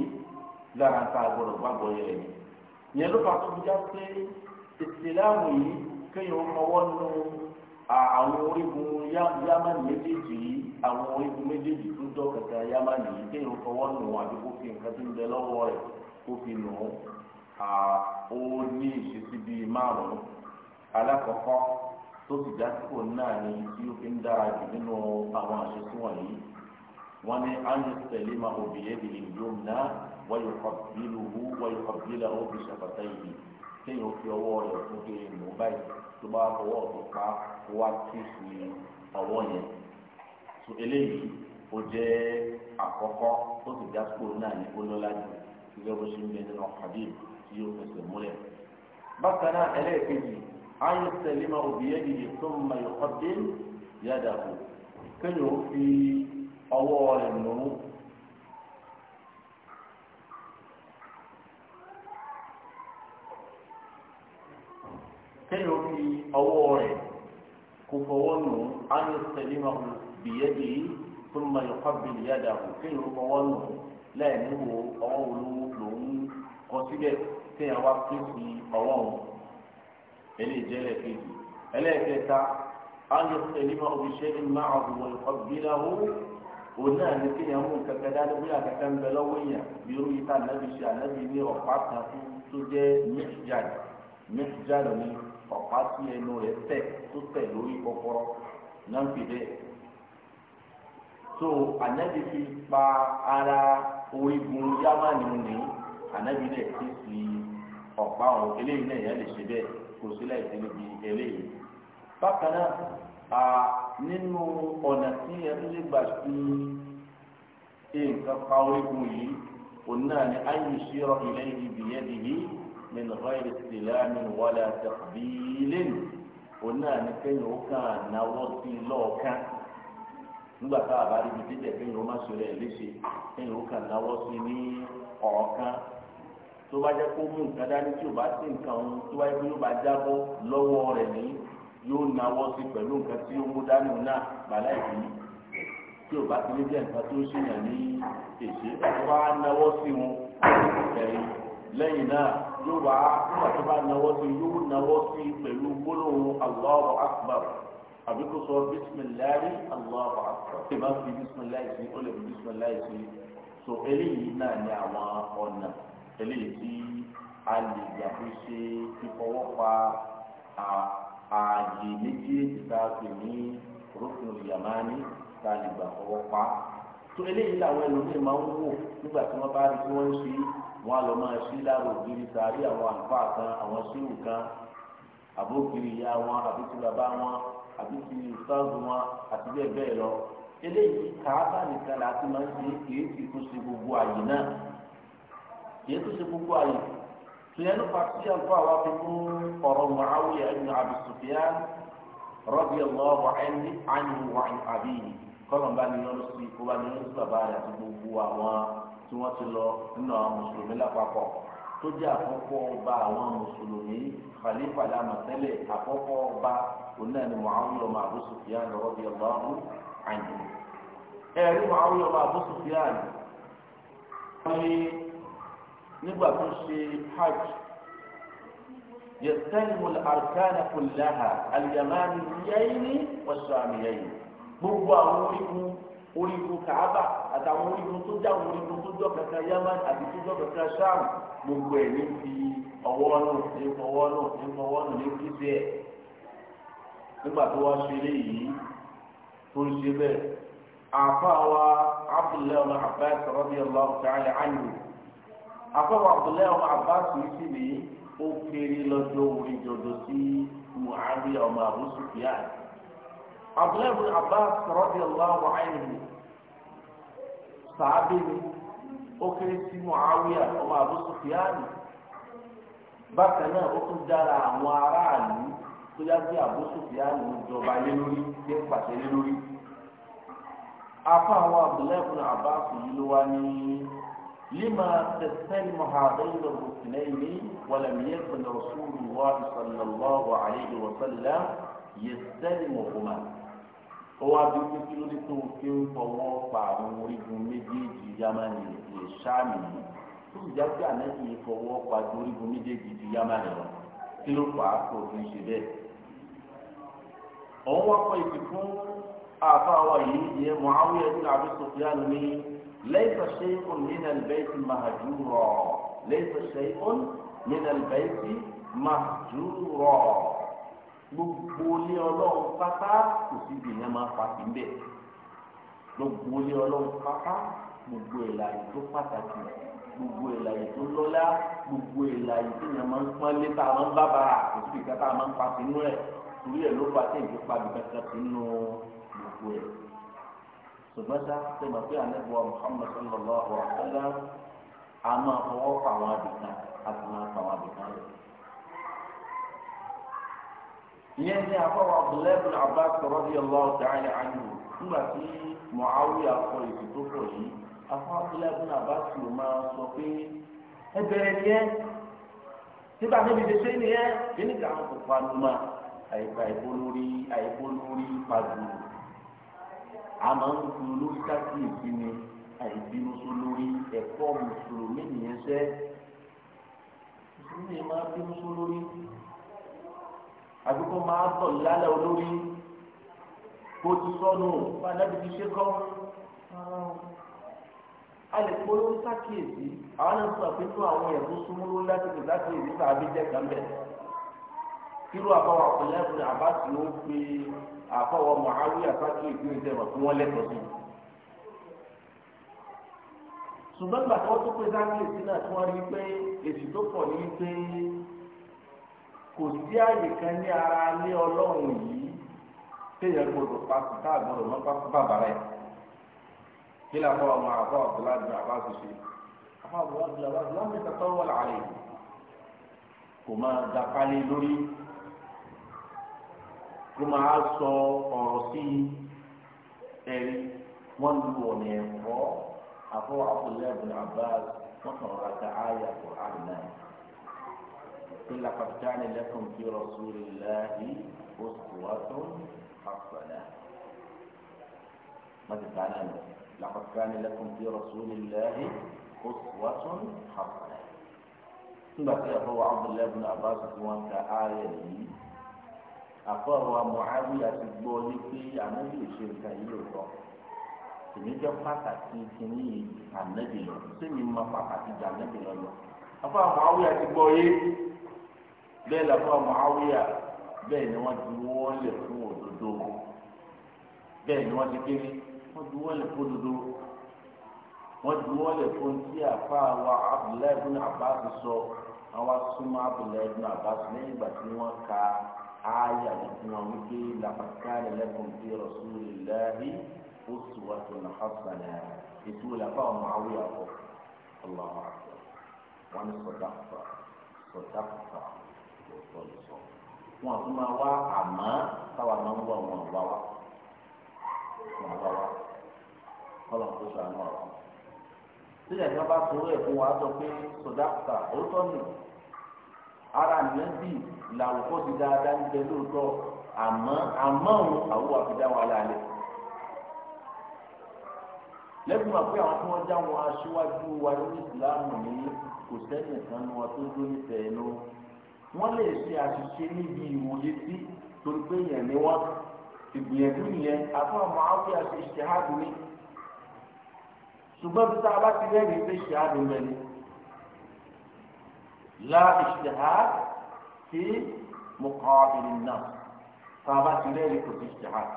lára nǹkan àgbọ̀dọ̀ gbàgbọ́ yẹn ni ìyẹn ló fà tó fi já pé ìsìláàmù yìí kéèyàn mọwọ́ nínú àwọn orígun yámánì méjèèjì yìí àwọn orígun méjèèjì tó jọ kẹkẹ yámánì yìí kéèyàn fọwọ́ nù àbí kó fi nǹkan tó ń bẹ lọ́wọ́ rẹ̀ kó fi nù ú ó ní ìṣesí bíi márùn-ún alákọ̀ọ́kọ́ tó sì jásíkò náà ni tí ó fi ń dára jù nínú àwọn àṣesí wọ̀nyí wọ́n ní ánìsẹ̀lẹ̀ máa òbí yẹ́ bìí yóò ná wáyé kọ̀bílù wáyé kọ̀bílù àwọn òbí ṣàpàtà yìí kéèyàn fi ọwọ́ rẹ̀ fún kéèyàn mú báyìí tó bá fọwọ́ ọ̀tún ká wá tí fi ọwọ́ yẹn tó eléyìí ó jẹ́ àkọ́kọ́ ó sì já sukùl náà ní olólàjì gẹ́gẹ́ bó ṣe ń bẹ nínú hadith tí yóò fẹsẹ̀ múlẹ̀. bákan náà ẹlẹ́ẹ̀kejì ayé sẹ́lẹ̀mà òbíyẹ́ yìí tó ń mayọ̀ ọ́ dé yàdà kéèyàn ó fi ọwọ́ rẹ̀ nù kéèyàn fi ọwọ́ rẹ̀ kó fọwọ́ nù ánú sẹ́límà bìyẹ́dì tó máa yọ kábìn yàdà kó kéèyàn fọwọ́ nù lẹ́ẹ̀ni wo ọwọ́ wo lòún kọ síbẹ̀ kéèyàn wá kí fi ọwọ́ wọn eléyìí jẹ́ ẹlẹ́ẹ̀kejì ẹlẹ́ẹ̀kẹta ánú sẹ́límà òṣìṣẹ́ ní máa àbúrò ìkọ́bílà ó òun náà ní kéèyàn mú kẹkẹ dání bí akẹkẹ ń bẹ lọ́wọ́ èèyàn bí irú yìí ká nàbì ṣe ànábì ní ọ̀pá kan tó jẹ́ mẹ́tìjáde mẹ́tìjáde ní ọ̀pá tí ẹnu rẹ̀ tẹ̀ tó tẹ̀ lórí kọ́kọ́rọ́ náà fi bẹ́ẹ̀. so ànábi fi pa ara orígun yámánì ní ànábi dẹ̀ ti fi ọ̀pá ọ̀hún eléyìí náà yẹn lè ṣe bẹ́ẹ̀ kò sílẹ̀ ìsinmi eléyìí. bákan náà nínú ọ̀nà tí ẹnu lè gbà fi nǹkan pa orígun yìí òun náà ni ayé ìṣirò ìlẹ́yìn ìbìyẹ́ nìyí. من غير silamin ولا taqbilin قلنا náà كان kéèyàn ó kàn náwó sí lọ́ọ̀kan nígbà tá a bá rí ibi títẹ̀ kéèyàn ó má sọ rẹ̀ léṣe kéèyàn ó kàn náwó sí ní ọ̀ọ̀kan tó bá jẹ́ kó mú nǹkan dání tí o bá sí nǹkan òun tó bá yẹ kó bá jábọ́ lọ́wọ́ rẹ̀ ní yóò náwó sí pẹ̀lú nǹkan tí ó mú dání náà gbàlá ìdí tí o bá ti ní jẹ́ nǹkan tó ṣèyàn ní èṣe tó náwó sí wọn ẹ̀yìn lẹ́yìn náà yóò wá nígbà tó bá nawọ́ sí yóò nawọ́ sí pẹ̀lú gbólóhùn Allahu akbar àbí kò sọ bisimilayi Allahu akbar tí máa fi bisimilayi sí ó lè fi bisimilayi sí so eléyìí náà ní àwọn ọ̀nà eléyìí tí a lè gbà fi ṣe fífọwọ́pa ààyè méjèèjì tá a pè ní rúkùn yamani tá a lè gbà fọwọ́pa so eléyìí làwọn ẹlòmíín máa ń wò nígbà tí wọ́n bá rí tí wọ́n ń ṣe é wọn a lọ máa ṣí láàrò ògiri sàárì àwọn àlùfáà kan àwọn ṣéwù kan àbókiri ìyá wọn àbítí bàbá wọn àbítí sáàzù wọn àti bẹ́ẹ̀ bẹ́ẹ̀ lọ eléyìí kàábà nìkan láti máa ń ṣe kìí sì tún ṣe gbogbo àyè náà kìí tún ṣe gbogbo àyè tìyẹnù pàṣẹ àlùfáà wa fi mú ọ̀rọ̀ Muawiya ibn Abi Sufyan radiyallahu anhu wa an abihi kọ́lọ̀ bá ní yọrù sí kó bá ní yọrù sí bàbá rẹ̀ àti gbogbo àwọn tí wọ́n ti lọ nínú àwọn mùsùlùmí lápapọ̀ tó jẹ́ àkọ́kọ́ ọba àwọn mùsùlùmí khalifa lamọ̀tẹ́lẹ̀ àkọ́kọ́ ọba onáni Muawiya ọmọ Abu Sufyan radiyallahu anhu. ẹ̀rí Muawiya ọmọ Abu Sufyan wọ́n ní nígbà tó ṣe hajj يستلم الأركان كلها اليمانيين والشاميين gbogbo àwọn orígun orígun kàába àtàwọn orígun tó já àwọn orígun tó jọ kankan yamani àti tó jọ kankan sáàmù gbogbo ẹ̀ ní fi ọwọ́ náà ní fọwọ́ náà ní fọwọ́ náà ní kíkí ẹ̀ nígbà tó wá ṣe léyìí tó ń ṣe bẹ́ẹ̀ àfàwà abdullahi ọmọ abbas radiyallahu ta'ala anhu àfàwà abdullahi ọmọ abbas yìí sì ní ó kéré lọ́jọ́ orí jọ̀dọ̀ sí muhammed ọmọ abu sufyan abdullahi bin abbas radiyallahu anhu sàábì ni ó kéré sí muawiya ọmọ abu sufiyani bákan náà ó tún dára àwọn aráàlú tó yá sí abu sufiyani ìjọba lé lórí tí ń pàṣẹ lé lórí afa àwọn abdullahi bin abbas yìí ló wá ní lima tẹsán muhammed rukunaini wàlámiyẹ bin rasulillah sallallahu alayhi wa sallam yẹ sẹni muhammad wá bí pípé lórí tó ń fi ń fọwọ́ pa àwọn orígun méjèèjì yamani lè sáàmì yìí tó sì jáde ànájì yìí fọwọ́ pa orígun méjèèjì ti yamani lọ kí ló fà á kó o fi ṣe bẹ́ẹ̀. òun wá kọ́ ìpè fún àfàwọ̀ yìí yẹ Muawiya ibn Abi Sufyan ní laysa shay'un min al-bayt mahjura laysa shay'un min al-bayt mahjura gbogbo ilé ọlọ́run pátá kò sí ìdènà máa fà sí ń bẹ̀ gbogbo ilé ọlọ́run pátá gbogbo ìlànà tó pàtàkì gbogbo ìlànà tó lọ́lá gbogbo ìlànà tó yẹn máa ń pọ́n létà máa ń bábàrà kò sí ìkàtà máa ń pa sínú ẹ̀ torí ẹ̀ ló fà sí ìdípa ìgbàkan sínú gbogbo ẹ̀ ṣùgbọ́n sá ṣe mọ̀ pé àlẹ́bùwà Muhammad sallallahu alaihi wa sallam a máa fọwọ́ ìyẹn ní àbáwọ̀ abdullahi abbas radiyallahu ta'ala anhu nígbà tí muawiya akọ èsì tó pọ̀ yìí afọ abdullahi abbas ló máa sọ pé ẹ bẹ̀rẹ̀ ni ẹ nígbà tó fi ṣe ṣe ni ẹ kí ni káwọn kò pa ló máa àyíká ìbólórí àyíbólórí pàdù àmọ́ ń fi olórí káàkiri ìbíni àìbínú sólórí ẹ̀kọ́ mùsùlùmí nìyẹn sẹ́ mùsùlùmí máa bínú sólórí àbí kó máa tọ̀ lálẹ́ olórí kó ti sọnù fanabi ti ṣe kọ́ a lè polówó sákìyèsí àwọn náà sọ pé tó àwọn ẹ̀bùn súnmọ́ láti kò sákìyèsí fàábí jẹ́ kan bẹ̀ kíló àbáwọ̀ ọ̀pẹ̀lẹ́bùn àbáṣe ó pe àbáwọ̀ mọ̀háwí àsákìyèsí ó jẹ́ mọ̀ fún wọn lẹ́tọ̀ọ́ sí i ṣùgbọ́n gbàtọ́ tó pé sákìyèsí náà tí wọ́n rí pé èsì tó pọ̀ ní pé kò sí àyè kan ní ara ilé ọlọ́run yìí téèyàn gbọdọ̀ pàṣẹ tá a gbọdọ̀ mọ́ pàṣẹ bàbá rẹ̀ kí làbọ̀ ọmọ àbọ̀ abdullahi abbas ṣe àbọ̀ abdullahi abbas láti tẹ̀tọ́ wọlé àlè kò máa dapálé lórí kó máa sọ ọ̀rọ̀ sí ẹ̀rí wọ́n lu ọ̀nà ẹ̀kọ́ àbọ̀ abdullahi abbas wọ́n kàn ta àyà kò àdìmọ́ قل لقد كان لكم في رسول الله أسوة حسنة ماذا تتعلم لقد كان لكم في رسول الله أسوة حسنة ثم هو عبد الله بن عباس وانت آية لي أفوى معاوية بولي في عمل الشركة يلوكم èmi jẹ pàtàkì kìíní ànábì lọ sẹmi ma pàtàkì jẹ ànábì lọ lọ afọ àwọn awúyà ti bẹ́ẹ̀ làwọn Muawiya bẹ́ẹ̀ ni wọ́n ti wọ́n lè fún òdodo bẹ́ẹ̀ ni wọ́n ti kéde wọ́n ti wọ́n lè fún òdodo wọ́n ti wọ́n lè fún tí àfa wa Abdullahi ibn Abbas sọ àwọn asúnmọ́ Abdullahi ibn Abbas lẹ́yìn ìgbà tí wọ́n ka aya ìfún wọn wípé làbàkàrẹ̀ lẹ́kùn tí Rasulillahi ètò lè sọ wọn àti máa wá àmọ́ káwa máa ń wọ wọn wá wa wọn wá wa kọlọ ń kó sànù ọ̀rọ̀ sílẹ̀ ní wọn bá sọ̀rọ̀ ẹ̀kọ́ wa sọ pé sọdáfà ó tọ́nù ara nẹ́bì làwùkọ́ ti dáadáa ń jẹ lóòótọ́ àmọ́ àmọ́ òun àwọn àfidá wa lálẹ́ lẹ́gbọ̀n àpé àwọn tí wọ́n já wọn aṣíwájú wa ní ìsìlámù ní kò sẹ́yìn kan ní wọn tó dúró nífẹ̀ẹ́ lóhùn wọ́n lè ṣe àṣìṣe níbi ìwòye sí torí pé yẹn ni wọ́n ìgbìyànjú yẹn àfọwọ́ máa ń fi àṣe ìṣèhádùn ní. ṣùgbọ́n bí tá a bá ti rẹ́rìí pé ìṣèhádùn rẹ̀ ni la ìṣèhád sí mọ̀kànlélì náà tá a bá ti rẹ́rìí kò sí ìṣèhád.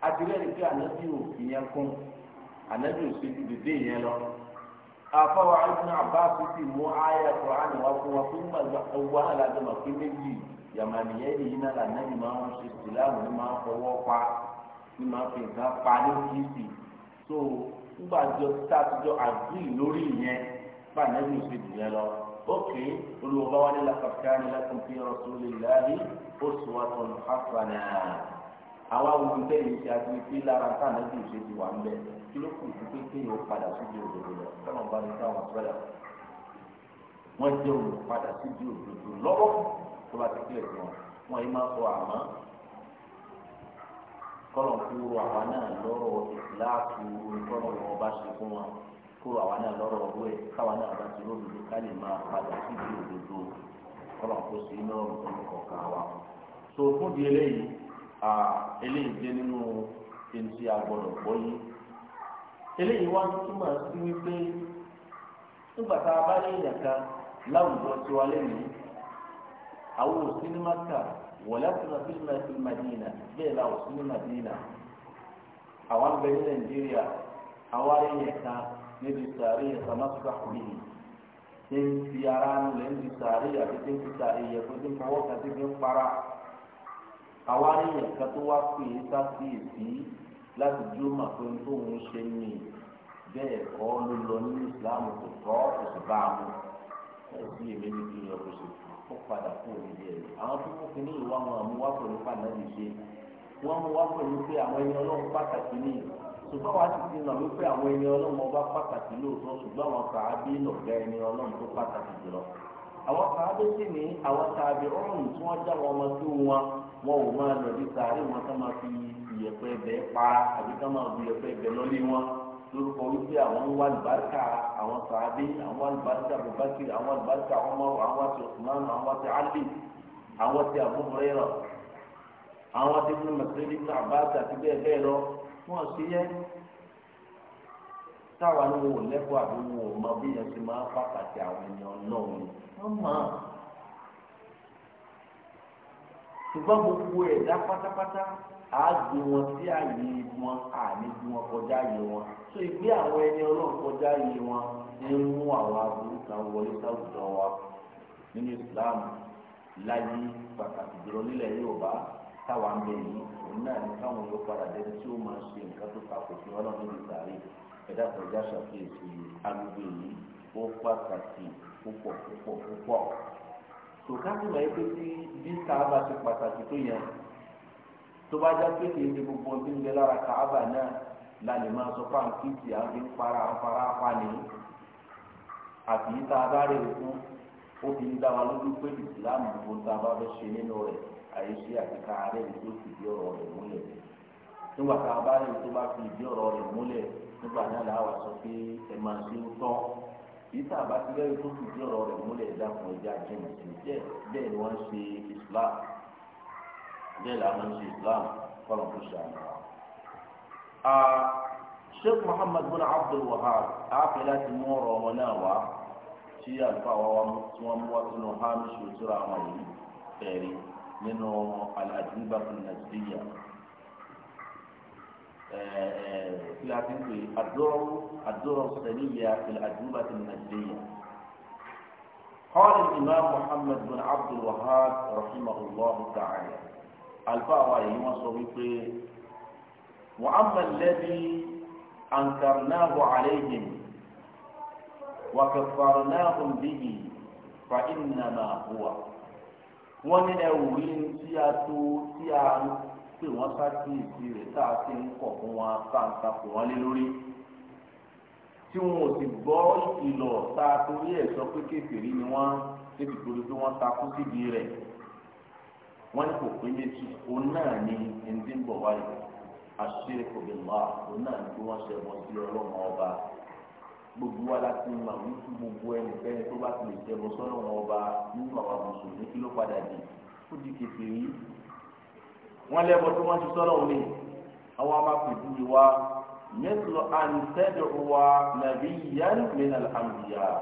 a ti rẹ́rìí pé ànábì ò yẹn kún ànábì ò sí ibi yẹn lọ àfọwọ́ ibùdó àbáàfù sì mú ayé kuran wá fún wa fún gbàgbà owó aládùn àti méjì yàmàlìyẹ yìí náà lànà ni máa ń ṣe ìsìláàmù ni máa ń fọwọ́ pa ni máa fi nǹkan pa ní kìsì so ńgbàjọ sátijọ́ àdúrà lórí ìyẹn bá nàbí òṣèlú yẹn lọ ókè olùwọ́bá wa ní lakàkàní lakum fi rasulillahi uswatun hasana àwa wùdí bẹ́ẹ̀ ní ti àti fi lára ká nàbí òṣèlú wa ń kí ló kù ju pé kéèyàn padà síbi òdodo lọ sọ́nà bá ní sáwọn sọ́dà wọ́n jẹ́ olùpadà síbi òdodo lọ́wọ́ tó bá ti kílẹ̀ sí wọn wọ́n yìí máa sọ àmọ́ kọ́lọ̀ kú rọ àwa náà lọ́rọ̀ ìfìlàkù kọ́lọ̀ wọn bá ṣe fún wọn kú rọ àwa náà lọ́rọ̀ ọ̀rọ̀ ẹ̀ káwa náà bá ti lódodo ká lè máa padà síbi òdodo kọ́lọ̀ kó sí iná ọ̀rùn kọ̀ọ̀kan wa. so fún di eléyìí eléyìí jẹ́ nínú ẹni eléyìí wá ń túmọ̀ sí wípé nígbà tá a bá ní ìyàká láwùjọ tí wà lẹ́nu àwọn òsín ní maka wọ̀lá tí wọ́n fi ń fi Madina bẹ́ẹ̀ la òsín ní Madina àwọn abẹ ní Nàìjíríà àwọn ará ìyàká níbi sàárè ìyàká masuka kùnìyì tí ń fi ara ń lẹ́ níbi sàárè àti tí ń fi sàárè ìyàká tí ń fọwọ́ kan tí ń para àwọn ará ìyàká tó wá pè é sá sí èsì yìí láti dúró mà pé ohun tóun ṣe ní bẹ́ẹ̀ kọ́ ló lọ nínú ìsìláàmù kò tọ́ òsì bá a mú ẹ̀ sí èmi ní kí n yọ kó ṣe kó padà kó o nílé ẹ̀ àwọn tó kó kínní ìwà wọn àmú wá pẹ̀lú pàdánù ṣe wọ́n mú wá pẹ̀lú pé àwọn ẹni ọlọ́run pàtàkì ní ṣùgbọ́n wàá ti ti nà wípé àwọn ẹni ọlọ́run ọba pàtàkì lóòótọ́ ṣùgbọ́n àwọn kàábí lọ̀gá ẹni ọlọ́run tó pàtàkì jùlọ àwọn kàábí sì ní àwọn tàbí ọ̀rùn tí wọ́n já wọn ọmọ tó wọn wọn ò máa lọ bí sàárè wọn tó máa fi yí ìyẹ̀pẹ̀ ẹ̀bẹ̀ pa àbí ká máa bu ìyẹ̀pẹ̀ ẹ̀bẹ̀ lọ́lé wọn lórúkọ wípé àwọn ń wá àlùbáríkà àwọn sàádé àwọn wá àlùbáríkà bùbákì àwọn àlùbáríkà ọmọ àwọn àti Usman àwọn àti Ali àwọn àti Abu Hurairah àwọn àti ibùdó mẹsìlẹ́lì ibùdó Abbas àti bẹ́ẹ̀ bẹ́ẹ̀ lọ wọn ṣe yẹ táwa ni wọn ò lẹ́kọ̀ọ́ àbí wọn ò mọ bí yẹn ti máa pàtàkì àwọn ènìyàn náà wọn mọ̀ ọ́n ṣùgbọ́n gbogbo ẹ̀dá pátápátá á gbé wọn sí àyè wọn àní gbé wọn kọjá àyè wọn tó ìgbé àwọn ẹni ọlọ́run kọjá àyè wọn ní mú àwọn aburú kan wọlé sáwùjọ wa nínú Islam láyé pàtàkì jùlọ nílẹ̀ Yorùbá táwa ń bẹ yìí òun náà ní káwọn yóò padà dé tí ó máa ṣe nǹkan tó ta kò sí ọlọ́run níbi ìtàrí ẹ̀dá kọjá ṣàkíyèsí agbègbè yìí ó pàtàkì púpọ̀ púpọ̀ púpọ̀ tòkátìmọ̀ ẹgbẹ́ tí bí sáà bá ti pàtàkì tó yẹn tó bá já pé kìí ṣe gbogbo ohun tí ń bẹ lára kàába náà la lè máa sọ fún àǹkìtì àti ńpara afárá apani àti tá a bá rè fún ó fi ń dá wa lójú pé ìsìláàmù gbogbo tá a bá fẹ́ ṣe nínú rẹ̀ àyè ṣe àti ká àárẹ̀ ní tó fìdí ọ̀rọ̀ rẹ̀ múlẹ̀ nígbà tá a bá rè tó bá fi ìdí ọ̀rọ̀ rẹ̀ múlẹ̀ nígbà náà la wà sọ pé ẹ máa ṣe ń tọ́ yìí tá a bá ti rẹ́ ọ̀rọ̀ rẹ̀ múlẹ̀ dákun ẹja jẹ́ nìkan bẹ́ẹ̀ ni wọ́n ṣe ìsìláàmù bẹ́ẹ̀ làwọn ṣe islam kọ́lọ̀ kó ṣe àná. sheikh muhammad bin abdul wahab àáfẹ́ láti mú ọ̀rọ̀ wọn náà wá tí àlùfáà wa tí wọ́n mú wá sínú hamish òtúrò àwọn yìí fẹ̀rí nínú aláàdúgbà fún nàìjíríà kíláàsì pé àdúrà àdúrà sẹ́níyà aláàdúgbà fún nàìjíríà. قال الإمام محمد بن عبد الوهاب رحمه الله تعالى àlùfáà wa yìí wọ́n sọ wípé wọ́n á mọ̀ lẹ́bi ankarnahu alayhim wa kafarnahum bihi fa innama huwa wọ́n ní ẹ̀wù rí tí a tó tí a ń pè wọ́n sákì ìdí rẹ̀ tá a ti ń kọ̀ fún wọn tá a ń takò wọ́n lé lórí tí wọn ò sì gbọ́ ìkìlọ̀ tá a torí ẹ̀ sọ pé kékeré ni wọ́n débi torí pé wọ́n takú síbi rẹ̀ wọ́n ní kò pé méjì òun náà ni ẹni ń bọ̀ wáyé àṣírí kò lè wá òun náà ni kí wọ́n ṣe wọ́n sí ọlọ́mọ ọba gbogbo wa la ti mọ àwọn ikú gbogbo ẹnikẹ́ni tó bá ti lè jẹ bọ́ sọ́nà wọn ọba nínú àwọn mùsùlùmí kí ló padà dé ó di kèké yìí wọ́n lẹ́bọ̀ tí wọ́n ti sọ́nà òun ni àwọn amákùnkùn yìí wá mẹ́tò àǹtẹ́dọ̀ wa nàbí yẹn lẹ́nà alhamdulilayi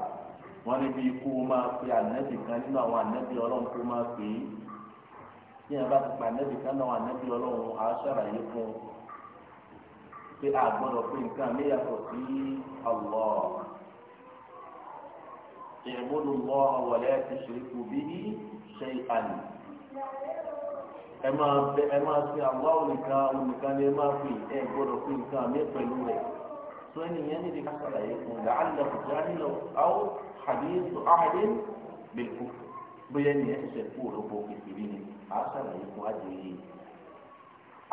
wọ́n ní bí ikú máa pe ànábì kan nínú àwọn ànábì ọlọ́run tó máa pè é tí yẹn bá ti pa ànábì kan náà ànábì ọlọ́run á ṣàlàyé fún un pé a gbọ́dọ̀ pé nǹkan mi yàtọ̀ sí ọlọ́ ìmúlò mọ́ ọ̀wọ̀lẹ́ ti ṣe kù bí ṣe àná ẹ máa bẹ ẹ máa fi àwọn ònìkan ònìkan ni ẹ máa fi ẹ gbọ́dọ̀ pé nǹkan mi pẹ̀lú rẹ̀ tó ẹnìyẹn níbi ká ṣàlàyé fún un làálẹ̀ kò já nílò àwọn àdéhùn àdéhùn bẹ̀kú bóyá ẹnìyẹn ṣẹ̀ṣẹ̀ kú òròpó kékeré ni á ṣàlàyé fún àjèjì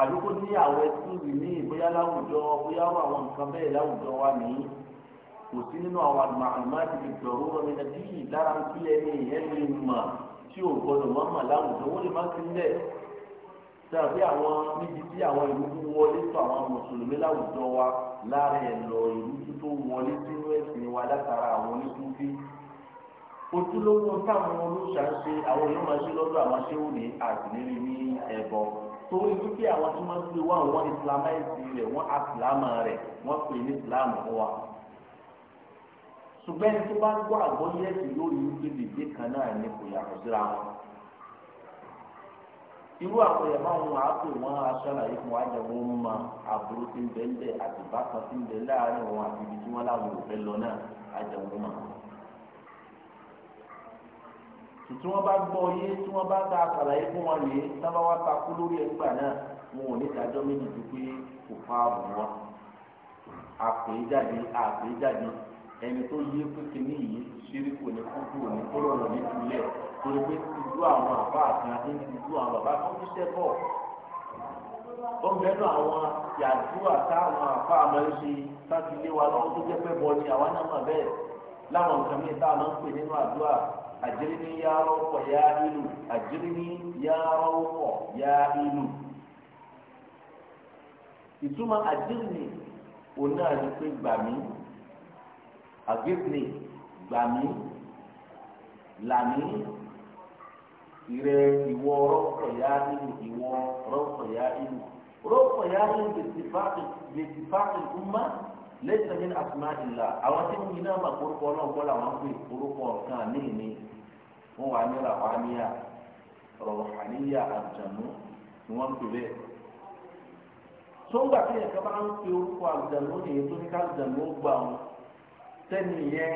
àdúgbò ní àwọn ẹtúbi ní bóyá láwùjọ bóyá àwọn nǹkan bẹ́ẹ̀ láwùjọ wa ní kò sí nínú àwọn àlùmáàtì ti dọ̀rọ̀ omi náà bí ìdára ń kílẹ̀ ní ẹ̀mí mà tí ò gbọdọ̀ má mà láwùjọ wọ́n lè má sí nílẹ̀ tàbí àwọn níbi tí àwọn ìlú wọlé tó àwọn mùsùlùmí láwùjọ wa lára ẹ̀ lọ ìlú tó wọlé sínú ẹ̀sìn wa látara àwọn oníkúfí ojúlówó táwọn olóṣà ń ṣe àwọn yóò máa ṣe lọ́dọ̀ àwọn aṣẹ́wó ní àgbélé ní ẹ̀bọ torí wípé àwọn tí wọ́n gbé wá wọn islamáìsì rẹ̀ wọ́n àsìlámà rẹ̀ wọ́n pè ní ìsìlámù fún wa. ṣùgbọ́n ẹni tó bá gbọ́ àgbọ̀ yẹ́sì lórí wípé bèbè kan náà ni kò yàtọ̀ síra wọn. irú àpẹẹrẹ máa ń wá pé wọ́n aṣọ́nàyé fún wájà wọn mọ àbúrò tí ń bẹ́ńbẹ́ àtìbákan tí ń bẹ láàárín wọn àti ibi tí wọ́n láwọn ò fẹ́ lọ náà àjẹwọ́n mọ̀ tí wọ́n bá gbọ́ yé tí wọ́n bá ta àkàlàyé fún wọn yé sábà wá takú lórí ẹgbà náà wọn ò ní dájọ́ méjì ju pé kò fa àrùn wọn àpè jáde àpè jáde ẹni tó yé pé kíní yìí ṣíríkù ní kúkú ní kólọ́nà ní ìpínlẹ̀ torí pé ìlú àwọn àbá àti ìlú àwọn bàbá tó ń ṣiṣẹ́ bọ̀ ó ń bẹnu àwọn yàdúrà táwọn àbá àmọ́ ń ṣe sáfi lé wa lọ́wọ́ tó jẹ́ pẹ́ bọ́ ni àwa náà mọ̀ bẹ́ẹ̀ láwọn nǹkan mìíràn táwọn ń pè nínú àdúrà ajirni ya rawqa ya ilu ajirni ya rawqa ya ilu ìtumọ̀ ajirni òun náà ni pé gbà mí àgbẹ̀gbẹ̀ gbà mí là mí ìrẹ ìwọ rawqa ya ilu ìwọ rawqa ya ilu rawqa ya ilu bìtìfáàkì umma lẹ́sìn min asma'illah àwọn tí wọ́n yìí náà máa korúkọ náà kọ́ làwọn ń pè korúkọ kan ní ìní wọn wà ní ràwáníyà rọ̀hàníyà àjànú ni wọ́n ń pè bẹ́ẹ̀. sóńgbà tí ẹ̀ka bá ń pe orúkọ àjànú nìyẹn tó ní ká àjànú gbà wọn sẹ́ni yẹn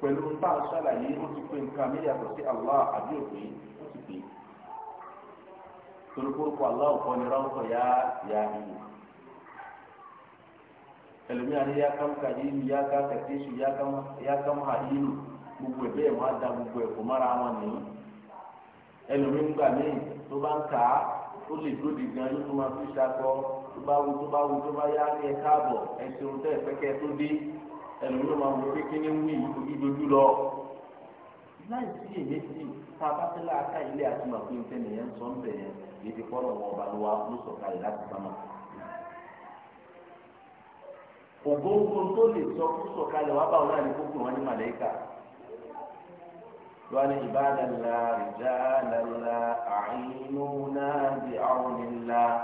pẹ̀lú bá a ṣàlàyé ó ti pe nǹkan mi yàtọ̀ sí Allah àbí òpè ó ti pè torí orúkọ Allah ọ̀pọ̀ ni ráńkọ̀ yá yá ìlú ẹlòmíràn ni yá kàmú kàdí ìlú yá ká kàdí ìṣù yá kàmú hà ìlú gbogbo ẹ̀ bẹ́ẹ̀ wọ́n á da gbogbo ẹ̀ kó mára wọn nìyí ẹlòmíì ń gbà míì tó bá ń kà á ó lè dóde gan yóò tó máa fi ṣakọ tó bá wu tó bá wu tó bá yá ní ẹ káàbọ̀ ẹ ṣeun tẹ́ ẹ fẹ́kẹ́ tó dé ẹlòmíì máa wọ pé kíní wí ojúdojú lọ láì sí èméjì tá a bá fẹ́ láàká ilé àti màkú ní tẹ́nìyẹn ń sọ ń bẹ̀ yẹn èdè wọn ọba ló wa ló sọ̀kalẹ̀ láti sámà ògóńgó tó lè sọ fún sọ̀kalẹ̀ wàá bá wọn وأن عباد الله رجال الله أعينونا بعون الله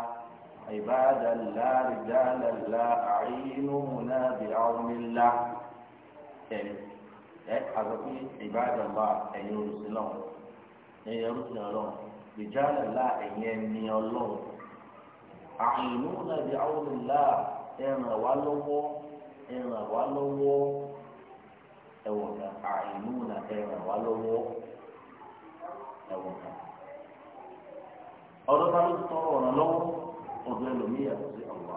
عباد الله رجال الله أعينونا بعون الله ẹ àgbàpé ìbáàdàn bá ẹ̀yin olùsìn lọ ẹ̀yin olùsìn Ọlọ́run ìjáàlẹ la ẹ̀yin ẹni Ọlọ́run àìnú náà di àwọn olùlà ẹ ràn wá lọ́wọ́ ẹ ràn wá lọ́wọ́. ẹwọ kan àìlú náà ẹran wá lọwọ. ẹwọ kan ọdún kan ló tọrọ ọ̀ràn lọ́wọ́ ọdún ẹlòmíì yàtọ̀ sí ọ̀wá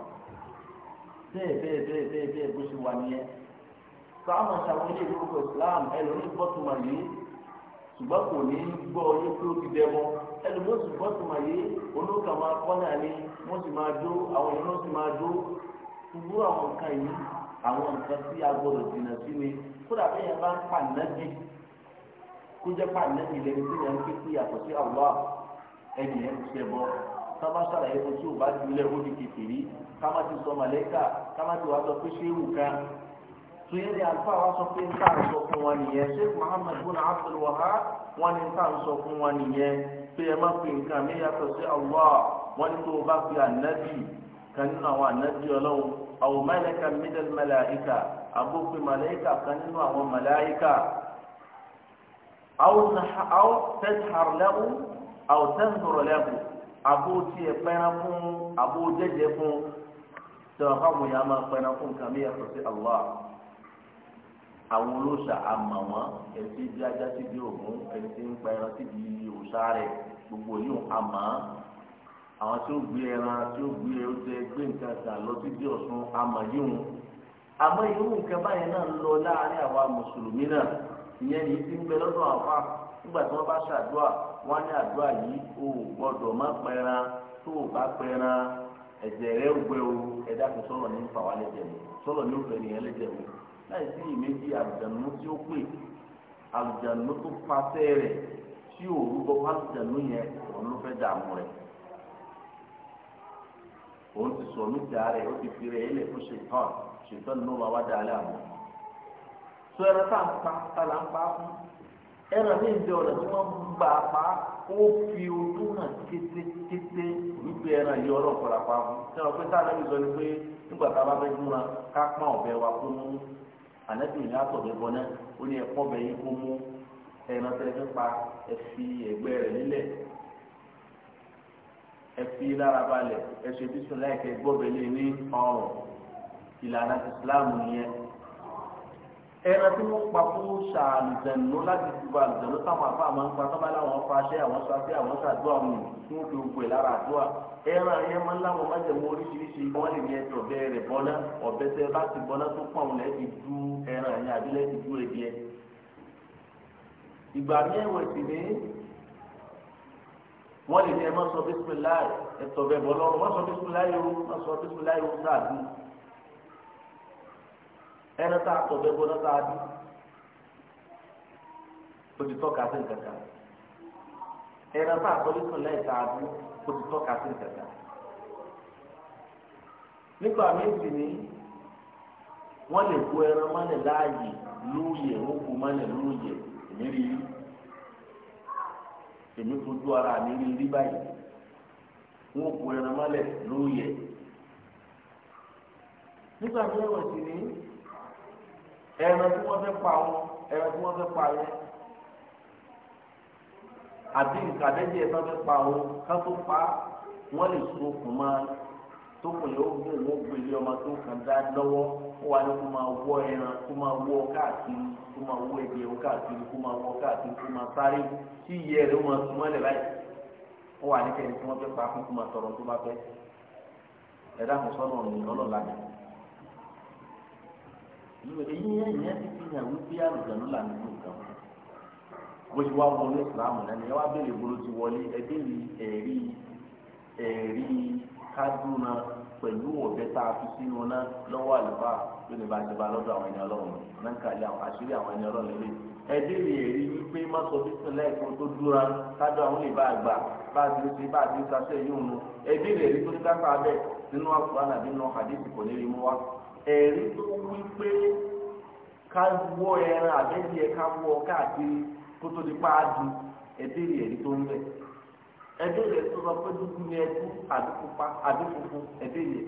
bẹ́ẹ̀ bẹ́ẹ̀ bẹ́ẹ̀ bẹ́ẹ̀ bó ṣe wà nìyẹn ilé Islam ẹlòmíì gbọ́tùmọ̀ yìí ṣùgbọ́n kò ní gbọ́ ó ti sì yìí olóòkà máa kọ́ náà ni wọ́n sì máa àwọn nǹkan tí a gbọdọ̀ jìnnà sí ni kódà bí yẹn bá ń pa nẹ́bí kó jẹ́ pa nẹ́bí lẹ́nu tí yẹn ń ké pé yàtọ̀ sí àwùwá ẹnì yẹn kò ṣe bọ́ sábà ṣàlàyé fún tí ò bá ju ilẹ̀ ó di kékeré ká má ti sọ màlẹ́kà ká má ti wá sọ pé ṣé wù kan tuyẹ di alifa wa sọ pé nta sọ fún wa nìyẹn sheikh muhammed bin abdul wahab wọn ni nta sọ fún wa nìyẹn pé ẹ má fi nǹkan mi yàtọ̀ sí àwùwá wọn ni tó o bá fi ànábì kan nínú àwọn ànábì ọlọ́run àwọn mẹ́lẹ́kà mídẹ́lì mẹ́láìkà àbókè mẹ́láìkà kan nínú àwọn mẹ́láìkà àwọn tẹ́tàr lẹ́wù àwọn tẹ́tàr lẹ́wù àbó tiẹ̀ pẹ́ran fún àbó jẹ́jẹ́ fún tẹ̀wọ́n fáwọn yàrá máa pẹ́ran fún kàmí ẹ̀sọ́ sí Allah àwọn olóòṣà àmà wọn ẹni tí ajá ti di ògún ẹni ń pa ẹran ti di òòṣà gbogbo yìí àmà àwọn tí ó gbé ẹran tí ó gbé oúnjẹ gbé nǹkan kan lọ títí ọ̀sán amáyéhùn àmọ́ irú nǹkan báyẹn náà ń lọ láàárín àwa mùsùlùmí náà ìyẹn ní ti ń bẹ lọ́dọ̀ àwa nígbà tí wọ́n bá ṣàdúrà wọ́n ní àdúrà yìí o gbọ́dọ̀ má pẹran tó o bá pẹran ẹ̀jẹ̀ rẹ ò gbẹ o ẹ̀dá kò sọ̀rọ̀ ní fàwa lẹ́jẹ̀ mi sọ̀rọ̀ ní òfin ìyẹn lẹ́jẹ̀ mi láì sí ìmẹ́jì àlùjànnú tí ó pè àlùjànnú tó pàṣẹ rẹ̀ tí òwúgbọ́ àlùjànnú yẹn òun ló fẹ́ dààmú rẹ̀ òun ti sọ mí dàrẹ ó ti fi rẹ ilé fún ṣètọ́n ṣètọ́n ló wà wá dàlẹ́ àmọ́ tó ẹ̀rọ tá à ń pa tá là ń pa fún ẹ̀rọ ní ìdí ọ̀rẹ́ tí wọ́n gbà pa ó fi ojú hàn kétékété wípé ẹran yìí ọlọ́pàá pa fún ẹ̀rọ pé tá àlẹ́ ìsọ ni pé nígbà tá a bá fẹ́ múra ká pọ́n ọ̀bẹ wa kó mú ànẹ́bí ìlú àtọ̀bẹ bọ náà ó ní ẹ̀kọ́ bẹ yín kó mú ẹran tẹ́lẹ̀ fẹ́ pa ẹ ẹfi lára balẹ̀ ẹsẹ bísí láìpẹ́ gbọbẹlẹ ní ọrùn ìlànà ìsìláàmù yẹn ẹran tí wọn pa fún ṣàlùjẹnu láti dùbà àlùjẹnu táwọn àfa àwọn ń pa sábà láwọn fa aṣẹ àwọn sọ aṣẹ àwọn ṣàdúrà mu tí wọn fi ògbè lára àdúrà ẹran yẹn máa ń láwọn májèmú oríṣiríṣi wọn lè ní ẹjọ ọbẹ rẹ bọná ọbẹ tẹ bá ti tó pọ̀ wọn wọ́n lè ní ẹ má sọ bísímìláì ẹ̀tọ́ bẹ́ẹ̀ bọ́ lọ́rùn má sọ bísímìláì o má sọ bísímìláì o sáà dùn ẹni tá a tọ̀ bẹ́ẹ̀ bọ́ náà sáà dùn o ti tọ́ka sí nǹkankan ẹni tá a tọ̀ bísímìláì sáà dùn o ti tọ́ka sí nǹkankan nígbà méjì ni wọ́n lè kó ẹran mọ́lẹ̀ láàyè lóòyè ó kú mọ́lẹ̀ lóòyè ìmírí yìí èmi fojú ara mi rí rí báyìí wọn kò ẹran mọ́lẹ̀ lóòyẹ nígbà tí wọn sì ní ẹran tí wọn fẹ́ pa wọn ẹran tí wọn fẹ́ pa yẹn àti nǹkan àdéjẹ tí wọn fẹ́ pa wọn ká tó pa wọn lè so okùn máa tó kò yẹ ogun òun ògùn ilé ọmọ tó kàn dá lọ́wọ́ ó wà ní kó máa wọ ẹran kó máa wọ káàkiri kó máa wọ ẹgbẹ́ ọ káàkiri kó máa wọ káàkiri kó máa sáré tí iye rẹ̀ ó máa súnmọ́ ẹ̀ báyìí ó wà ní kẹ́ni tí wọ́n fẹ́ pa fún kó máa tọrọ tó bá fẹ́ ẹ̀dá kò sọ́nà ọ̀nà ọlọ́ọ̀lá mi. èyí yẹn ìyẹn ti fi hàn wípé àlùjọ̀nù là ń gbó nǹkan bó ti wá wọlé ìsìlámù náà ni ẹ wá béèrè gbolo ti wọlé ẹ ká dúnà pẹ̀lú òbẹ tá a fi sínú náà lọ́wọ́ àlùfà lónìí bá ti bá lọ́dọ̀ àwọn ẹni ọlọ́run náà ń kàlẹ́ àwọn àṣírí àwọn ẹni ọlọ́run lélẹ̀ ẹdí lè rí wípé mọ́tò bísí lẹ́ẹ̀kan tó dúra kájọ àwọn lè bá a gbà bá a ti ṣe bá a ti ṣaṣẹ́ yìí òun ẹdí lè rí tó ní kápá bẹ́ẹ̀ nínú àkùrán àbí nínú àdéhùn kò ní rí mú wa ẹ̀rí tó wípé ká wọ́ ẹran àbẹ́yẹ ká wọ́ káàkiri kó ẹbí rẹ tó lọ pé dúdú ni ẹdú àbí pupa àbí funfun ẹbí rẹ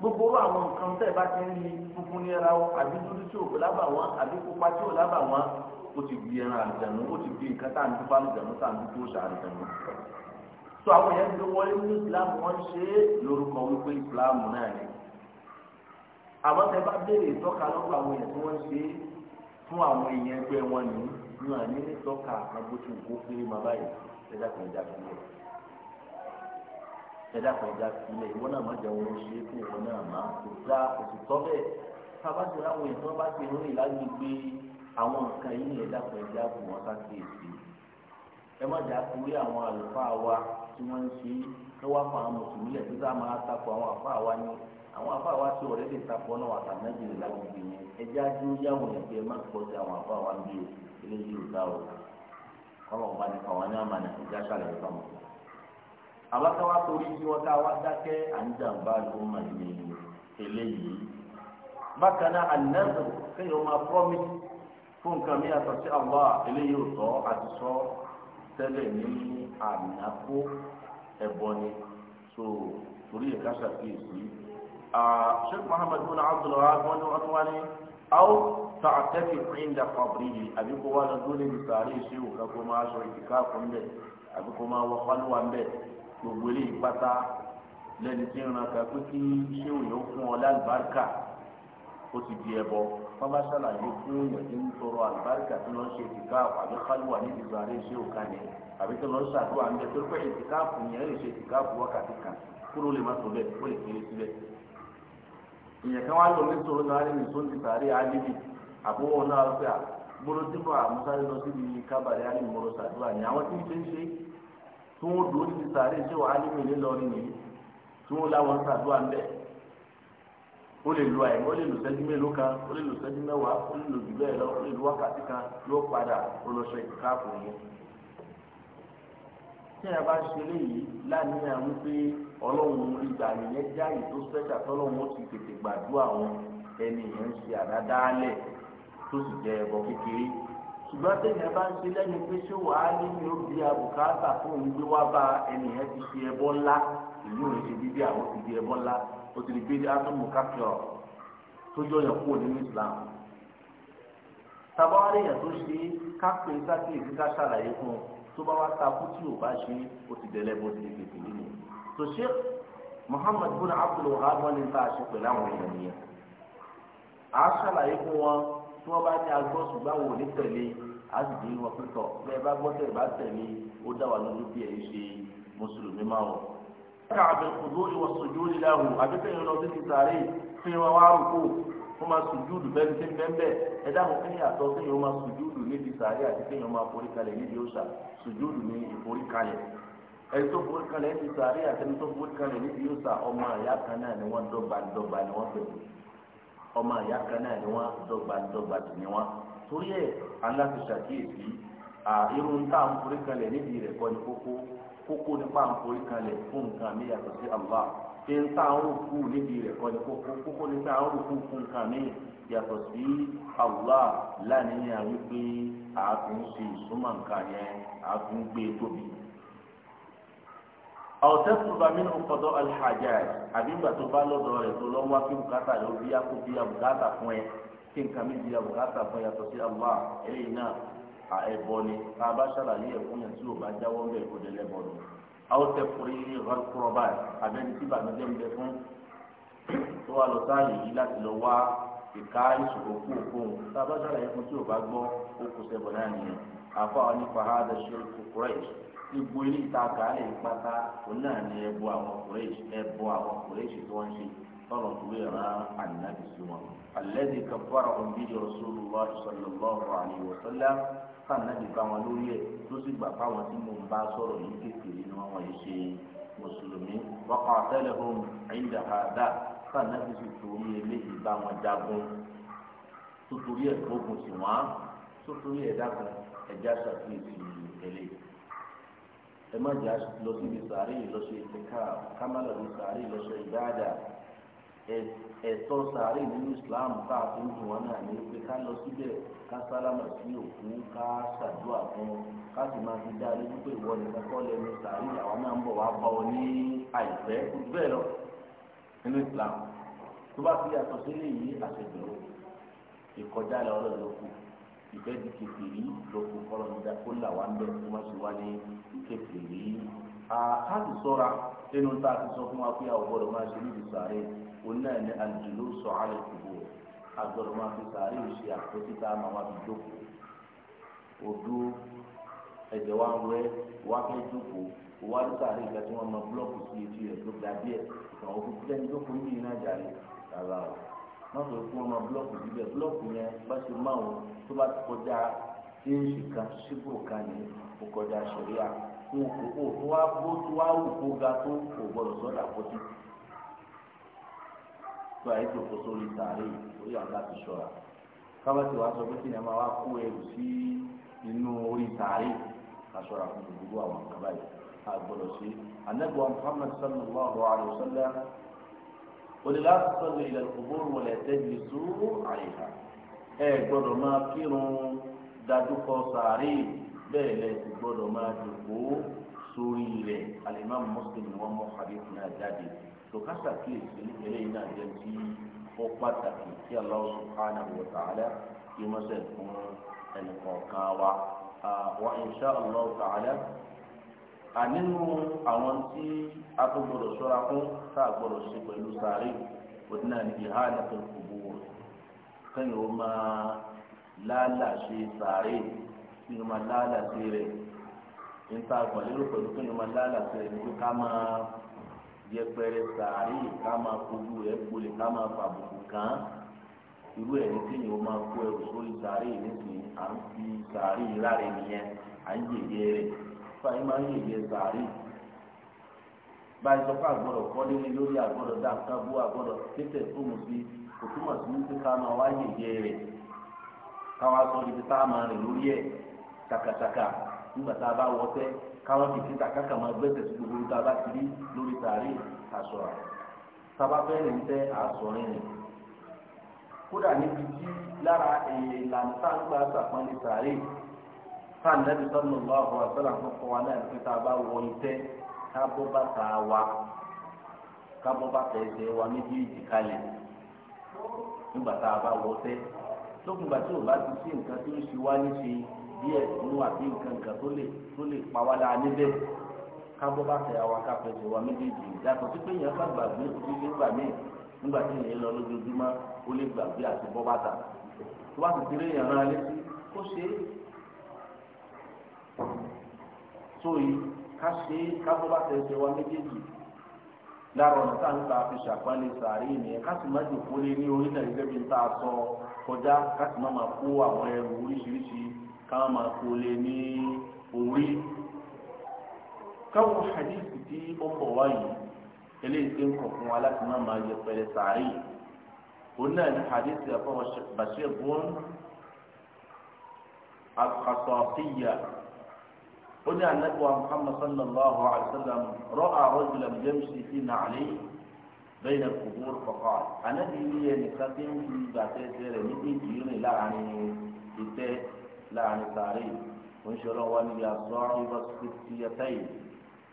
gbogbo àwọn nǹkan tẹ́ ẹ bá ti ń rí funfun ní ẹra wọn àbí dúdú tí ò lábà wọn àbí pupa tí ò lábà wọn ó ti di ẹran àlùjànnú ó ti di nǹkan tá à ń dúpọ̀ àlùjànnú tá à ń dúpọ̀ òṣà àlùjànnú. tó àwọn yẹn gbé wọlé ní ìsìlámù wọn ṣe é lórúkọ wípé ìsìlámù náà ni. àmọ́ tẹ́ bá béèrè ìtọ́ka lọ́wọ́ àwọn èèyàn tí wọ́n ṣe é fún àwọn èèyàn ẹgbẹ́ wọn nìyí ní àní nítọ́ka àgbóṣe òkú fún ìmọ̀ báyìí ẹ̀dá kan ẹ̀dá kan lẹ̀ ẹ̀dá kan ẹ̀dá kan lẹ̀ ìwọ náà má jẹ́ wọn ṣe fún ìwọ náà má kò dá kò sì tọ́ bẹ́ẹ̀ sábà ti ráwọn ìtàn bá ti rìn láyé pé àwọn nǹkan yìí ni ẹ̀dá kan ẹ̀dá kan wọn sáké èsì ẹ má jà kúrí àwọn àlùfáà wa tí wọ́n ń ṣe ẹ wá fa àwọn mùsùlùmí lẹ̀ tó dá máa takò àwọn àfáà wa ni àwọn àfáà wa ti ọ̀rẹ́ lè takò ọ̀nà wà tàbí nàìjíríà lágbègbè yẹn ẹ jẹ́ àjọ kọlọ̀ bá ní kọ̀wá ní àmàlẹ̀ ìjà sàlẹ̀ ìfọ̀ mọ́. àbákáwá torí tí wọ́n tá a wá dákẹ́ àǹjàǹbá ló mà ní eléyìí. bákan náà ànínàbò kéèyàn máa promise fún nǹkan mi àtọ̀ sí Allah eléyìí ò tọ́ àti sọ tẹ́lẹ̀ ní ànákó ẹ̀bọ ni so torí ìka ṣàkíyèsí. Sheikh Muhammad bin Abdul wọn ni wọn tún wá ní aw ta'tafi inda qabrihi abi ko wala dole ni sare shi o ka ko ma so ki ka ko nbe abi ko ma wa kwalu wa nbe gbogbo ile ipata lẹni tí ń ran ka pé kí ṣé òun yóò fún ọ lálùbáríkà ó ti di ẹbọ wọn bá ṣàlàyé fún èèyàn tí ń tọrọ àlùbáríkà tí wọn ṣe ìtìká àbí kálùwà ní ìdìbò àrẹ òun kan yẹn àbí tí wọn ṣàdúrà ń bẹ tó pé ìtìká fún ìyẹn kan wá lò ní sòrò náà ní ìsó ti sàárè alibi àbúrò náà pé à gbọ́dọ̀ tí mo àmúsáré lọ síbi kábàárẹ alibi mo sàdúrà ní àwọn tí ń ṣe ń ṣe tí wọn dùn ti sàárè ṣé wà alibi ní lọrin nìyí tí wọn láwọn sàdúrà ń bẹ lè lo àyè ó lè lo sẹ́jú mélòó kan ó lè lo sẹ́jú mẹ́wàá ó lè lo jù bẹ́ẹ̀ lọ ó lè lo wákàtí kan ló padà ó lọ sọ ìkáàkùn yẹn tí a bá ṣe léyìí láàníyàn ọlọ́run ìgbà nìyẹn já ìtó special tọ́lọ́run ti tètè gbàdúrà wọn ẹni yẹn ń ṣe àdádálẹ̀ tó sì jẹ ẹbọ kékeré ṣùgbọ́n tẹ̀yìn bá ń ṣe lẹ́nu pé ṣé wàá ní ní ó di àbùkátà fóun gbé wá bá ẹni yẹn ti ṣe ẹbọ ńlá èyí ò ṣe bíbí àwọn ti di ẹbọ ńlá ó ti di pé átọ́mù kápẹ́ọ̀ tó yọ yàn kúrò nínú Islam tabawari yẹn tó ṣe kápẹ́ sákìlì kíkà ṣàlàyé fún un tó bá wá takú tí ò bá ṣe ó ti dẹ̀lẹ́bọ̀ ti di kékeré tó ṣe Muhammad bin Abdul Wahab wọn ní bá a ṣe pẹ̀lú àwọn èèyàn nìyẹn à á ṣàlàyé fún wọn tí wọn bá ní agbọ́ ṣùgbọ́n àwọn òní tẹ̀lé á sì dín wọn pípọ̀ bẹ́ẹ̀ bá gbọ́ tẹ̀lé bá tẹ̀lé ó dá wà lójú bí ẹ̀yin ṣe mùsùlùmí máa wọ̀. ẹ̀ka àbẹ̀ kòdó ìwọ̀n sojú ó lílá hù àbíkẹ́yìn lọ sí ti sàárè fi wọn wá rúkú wọ́n máa sùjúdù bẹ́ẹ̀ ti bẹ́ẹ̀ ẹ dáhùn kí ni àtọ́ kéèyàn máa sùjúdù níbi sàárè àti kéèyàn máa forí kalẹ̀ níbi òòṣà sùjúdù ní ìforí kalẹ̀ ẹni tó forí kalẹ̀ ní sàárè àtẹni tó forí kalẹ̀ níbi yóò sa ọmọ àyà kan náà ni wọ́n dọ́gba dọ́gba ni wọ́n bẹ̀rù ọmọ àyà kan náà ni wọ́n dọ́gba dọ́gba sì ni wọ́n torí ẹ̀ aláti ṣàkíyèsí irun tá à ń forí kalẹ̀ níbi rẹ̀ kọ́ ni kókó kókó nípa à ń forí kalẹ̀ fún nǹkan mi yàtọ̀ sí Allah ń tá à ń rúkú níbi rẹ̀ kọ́ ni kókó kókó ní tá à ń rúkú fún nǹkan mi yàtọ̀ sí Allah láàrin ní àwípé àtúnṣe ìsúnmọ̀ nǹkan yẹn àtúngbé e tóbi àwọn tẹ́sán bá mi ń kọ́dọ̀ alhajà ẹ̀ àbí ìgbà tó bá lọ́dọ̀ rẹ̀ tó lọ́wọ́ wá kí bùkátà ló bí yá kó bí yá bùkátà fún ẹ kí nǹkan mi bí yá bùkátà fún ẹ yàtọ̀ sí Allah eléyìí náà à ẹ̀bọ ni tá a bá ṣàlàyé ẹ̀fún yẹn tí o bá jáwọ́ ń bẹ̀ kó dẹ̀ lẹ́bọ̀ ni. àwọn tẹ kúrẹ́ yìí rẹ kúrọ́ báyìí abẹ́ni tí bàmídẹ́ ń bẹ fún tó wà lọ sáàyè yìí láti gbogbo ilé ìtajà lè pátá òun náà ní ẹbọ àwọn kùrẹ́ẹ̀sì ẹbọ àwọn kùrẹ́ẹ̀sì tó ń ṣe tọ́nà tó lè rán ànínábì sí wọn. alẹ́dì kẹfọ́ra òun bí Rasulullah sallallahu alaihi wasallam kànáàbì bá wọn lórí ẹ̀ tó sì gbà fáwọn tí mò ń bá sọ̀rọ̀ yìí kékeré ni wọ́n wọ̀nyí ṣe mùsùlùmí wọ́pọ̀ àtẹ́lẹ̀ ohun ẹ̀ gbógun ẹ má jà lọ síbi sàárì lọ́sọ ìtẹ̀ká kámálà ní sàárì lọ́sọ ìdáàdà ẹ̀tọ́ sàárì nínú Islam tá a fi ń dùn wọn náà ní pé ká lọ síbẹ̀ ká sálámà sí òkú ká ṣàdúrà fún ká sì máa fi dá lójú pé ìwọ nìkan kọ́ lẹ́nu sàárì àwọn náà ń bọ̀ wá bá ní àìpẹ́ bẹ́ẹ̀ lọ nínú Islam tó bá fi yàtọ̀ sílé yìí àṣẹbẹ̀rọ ìkọjá lọ́rọ̀ ló ìfẹ́ di kẹfìrí lọ́kùn kọ́lọ́ nígbà kó là wá ń bẹ̀ kó má ṣe wá ní kẹfìrí. a ti sọ́ra nínú tá a ti sọ fún wa pé àwọn gbọ́dọ̀ máa ṣe níbi sàárè òun náà ní àjùlọ sọ àlẹ́ kòkó a gbọ́dọ̀ máa fi sàárè ṣe àpótí tá a máa wá fi jókòó. odó ẹ̀jẹ̀ wa ń rẹ́ wá fẹ́ jókòó wá ní sàárè ìgbà tí wọ́n mọ búlọ́ọ̀kù sí etí rẹ̀ tó ga díẹ̀ ìtàn òkú wọn sọ fún ọmọ búlọ́ọ̀kù bíbẹ búlọ́ọ̀kù yẹn bá ti máa wọn tó bá ti kọjá éèjì kan síbùrù kan ní òkọjá sẹríà òkò tó wá bó tó wá wù kó ga tó kò gbọ́dọ̀ sọdà pọtù tó àyè tó kó sórí sàárè orí àgbà ti ṣọ́ra kábàtì wàá sọ pé kí ni a máa wá kó ẹrù sí inú orí sàárè aṣọra fún gbogbo àwọn kábàyè àgbọ́dọ̀ sí anagba Muhammad sallallahu alayhi wa sallam òní láti sọ̀rọ̀ ilẹ̀ òbúrò wọlé tẹ́jú sùúrù àyíká ẹ gbọ́dọ̀ máa kírun dájúkọ sàárè bẹ́ẹ̀ lẹ ti gbọ́dọ̀ máa dòkó sórí rẹ̀ alimam Muslim wọn mọ hadith náà jáde tòkásà kíyèsí eléyìí náà jẹ́ ti ó pàtàkì kí Allah subhanahu wa ta'ala yìí mọ́sẹ̀ fún ẹnìkọ̀ọ̀kan wa ah, wa insha Allah ta'ala ànínú àwọn tí a tó gbọdọ̀ ṣọ́ra fún tá a gbọdọ̀ ṣe pẹ̀lú sàárè òdì náà ní ìhá àdàtọ̀ òbò wọ̀ kẹ́yìn ó máa lálàṣe sàárè kí ni ó máa lálàṣe rẹ̀ níta gbọ̀lérò pẹ̀lú kí ni ó máa lálàṣe rẹ̀ níbi ká máa yẹpẹrẹ sàárè ká máa kojú rẹ̀ gbolè ká máa fàbùkù kàn án irú ẹni tí yìí ó máa kó ẹrù sórí sàárè nísìnyí à ń fi sàárè láre nìyẹn à ń yèyé fa ẹ máa ń yè yẹ sàárì báyìí sọ pé àgbọ̀dọ̀ kọ́lé ní lórí àgbọ̀dọ̀ dáńkábó àgbọ̀dọ̀ tètè fóònù sí kò túmọ̀ sí wípé ká máa wá yè yẹ rẹ̀ káwá sọ ibi tá a máa rìn lórí ẹ̀ ṣàkàṣàkà nígbà tá a bá wọ tẹ́ káwọn kìkì kàkàkà máa gbẹ́sẹ̀ sí gbogbo tá a bá ti rí lórí sàárì àṣọ àrùn sábà fẹ́ rìn tẹ́ àṣọ rìn rìn kódà níbi tí lára ìlànà tá a ń gbà sàpọ́nlé sàárì fáànù nàbì sọ́nù lọ́wọ́ àgbẹ̀rẹ̀ àwọn fún wa náà nípa tá a bá wọ ìtẹ́ kábọ́ bàtà wa kábọ́ bàtà ẹsẹ̀ wa méjèèjì kalẹ̀ nígbà tá a bá wọ ìtẹ́ lókun gbà o bá ti sí nǹkan tí ó ṣe wá ní ṣe díẹ̀ nínú àbí nǹkan nǹkan tó lè tó lè pa wá lára níbẹ̀ kábọ́ bàtà wa káfẹsẹ̀ wa méjèèjì yàtọ̀ sí pé yẹn bá gbàgbé ojúṣe gbà míì nígbà tí yẹn lọ lójoojúmọ́ ó lè gbàgbé àti bọ́ bàtà tó bá ti ti tó yìí ká ṣe ká bọ́ bá tẹ̀ ṣe wa méjèèjì lára ọ̀nà tá à ń ta fi ṣàpálẹ̀ sàárè nìyẹn ká sì má jòkó lé ní orí náà gẹ́gẹ́ bí n tá a sọ kọjá ká sì má máa kó àwọn ẹrù oríṣiríṣi ká má máa kó lé ní orí. káwọn hadithi tí ó kọ̀ wá yìí eléyìí tí ń kọ̀ fún wa láti má máa yẹpẹrẹ sàárè òun náà ní hadithi àfọwọ́ bàṣẹ́ bọ́n àkàtọ̀ àfíyà ó ní anábọ̀ muhammad sallallahu alayhi wa sallam rọ́à rọ́jùlá jẹ́mísì sí nàálẹ́ bẹ́ẹ̀ ní kòkó kọ̀kọ́ anábì yìí yẹ nìkan tí ń fi ìgbà tẹ́tẹ́ rẹ̀ níbi ìjìnrìn láàrin ìtẹ́ láàrin sàárè oníṣòro wa ní yasọ́ ibà sèpìyàtàyè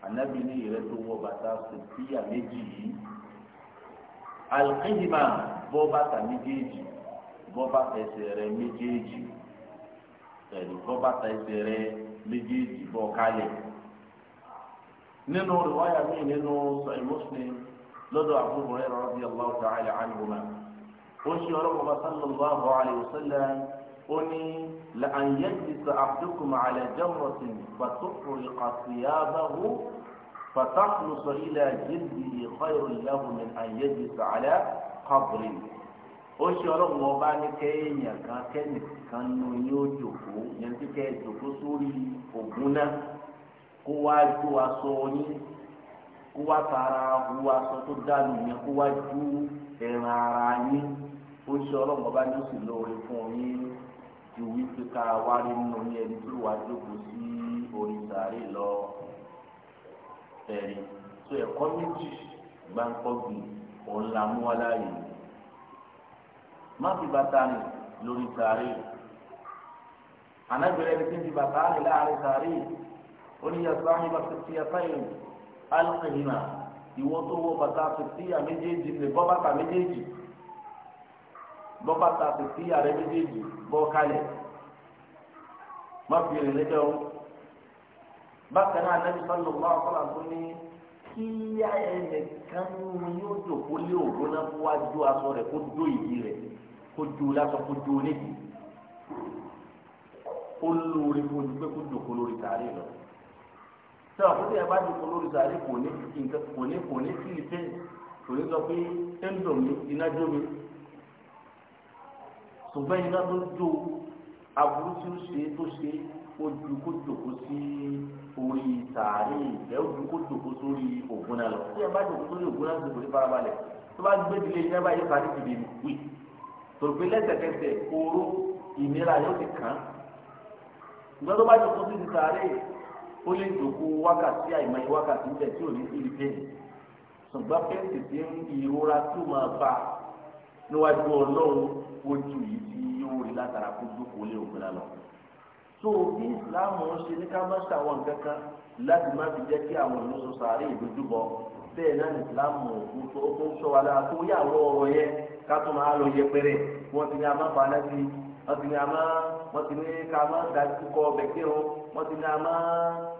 anábì ní ìrẹ́tò wọ bàtà sèpìyà méjì yìí alìkéyìmá bọ́ bàtà méjèèjì bọ́ bàtà ẹsẹ̀ rẹ̀ méjèèjì ẹ̀rí bọ́ bàtà ẹsẹ̀ rẹ̀ méjèèjì méjèèjì bọ̀ kalẹ̀ nínú riwaya mi nínú sọ̀rọ̀ Muslim lọ́dọ̀ Abu Hurairah radiyallahu ta'ala anhuma ó ṣe ọ̀rọ̀ bàbá sallallahu alayhi wa sallam ó ní la'an yajlisa ahdukum ala jamratin fatuhriqa thiyabahu fatahlusa ila jildihi khayrun lahu min an yajlisa ala qabrin ó ṣe ọlọ́run ọba ní kẹ́yìn kan kẹ́nìkan nu yóò jòkó yẹn ti kẹ́ jòkó sórí ògùn náà kó wá jó aṣọ yín kó wá tara hu aṣọ tó dànù yẹn kó wá ju ẹran ara yín ó ṣe ọlọ́run ọba ní oṣù lóore fún yín ju wípé ká wá rí nínú yín ẹni tó wá jókòó sí orí sàárè lọ ẹ̀rí tó ẹ̀kọ́ méjì gbáǹkọ́ gbìn òun la mú wá láàyè má fi bàtà rìn lórí sàárè ànágbèrè ẹni tí ń fi bàtà rìn láàrin sàárè oníyàsáyìn bá ti fi ẹsáyìn alùpùpù ìwọ tó wọ bàtà fìtíyà méjèèjì lè bọ́ bàtà méjèèjì bọ́ bàtà fìtíyà rẹ méjèèjì bọ́ kalẹ̀ má fi rìn lẹ́jọ́ bákan náà nàbí sọ́nù bá ọ̀kọ́lá tó ní kí ẹnìkan yóò jòkó lé ògbóná fún wájú aṣọ rẹ̀ kó dó ìdí rẹ̀ kó ju lásán kó ju oníbi ó lórí fún ojú pé kó jòkó lórí sàárè lọ sọ àkókò yẹn bá jòkó lórí sàárè kò ní nǹkan kò ní kò ní sí ìfẹ́ kò ní sọ pé ẹnudọ mi iná jó mi ṣùgbọ́n iná tó jó aburú tí ó ṣe tó ṣe ó ju kó jòkó sí orí sàárè ìfẹ́ ó ju kó jòkó sórí ògùn náà lọ tí ẹ bá jòkó sórí ògùn náà ti kò ní farabalẹ̀ tó bá gbé ìdílé iná báyìí parí ti di wí tòlùpẹ́ lẹ́sẹ̀kẹsẹ̀ ooru ìnira yóò ti kàn án ìgbà tó bá ti kún sí ti sàárè ó lè dòkú wákàtí àìmọye wákàtí ń bẹ tí ò ní sí ibi ṣùgbọ́n pẹ́ẹ́sì ti ń ìrora tí ó máa bá níwájú ọlọ́run ojú yìí tí yóò rí látara kó dókòó lé òkúta lọ tó bí ìsìláàmù ń ṣe ní ká má ṣàwọn nǹkan láti má fi jẹ́ kí àwọn ìlú sọ sàárè ìdójúbọ bẹ́ẹ̀ náà ìsìláàmù òkú kátó máa lọ yẹpẹrẹ wọ́n ti ní a máa bá náà sí wọ́n ti ní a máa wọ́n ti ní ká máa dájú kọ ọbẹ̀ kí wọn wọ́n ti ní a máa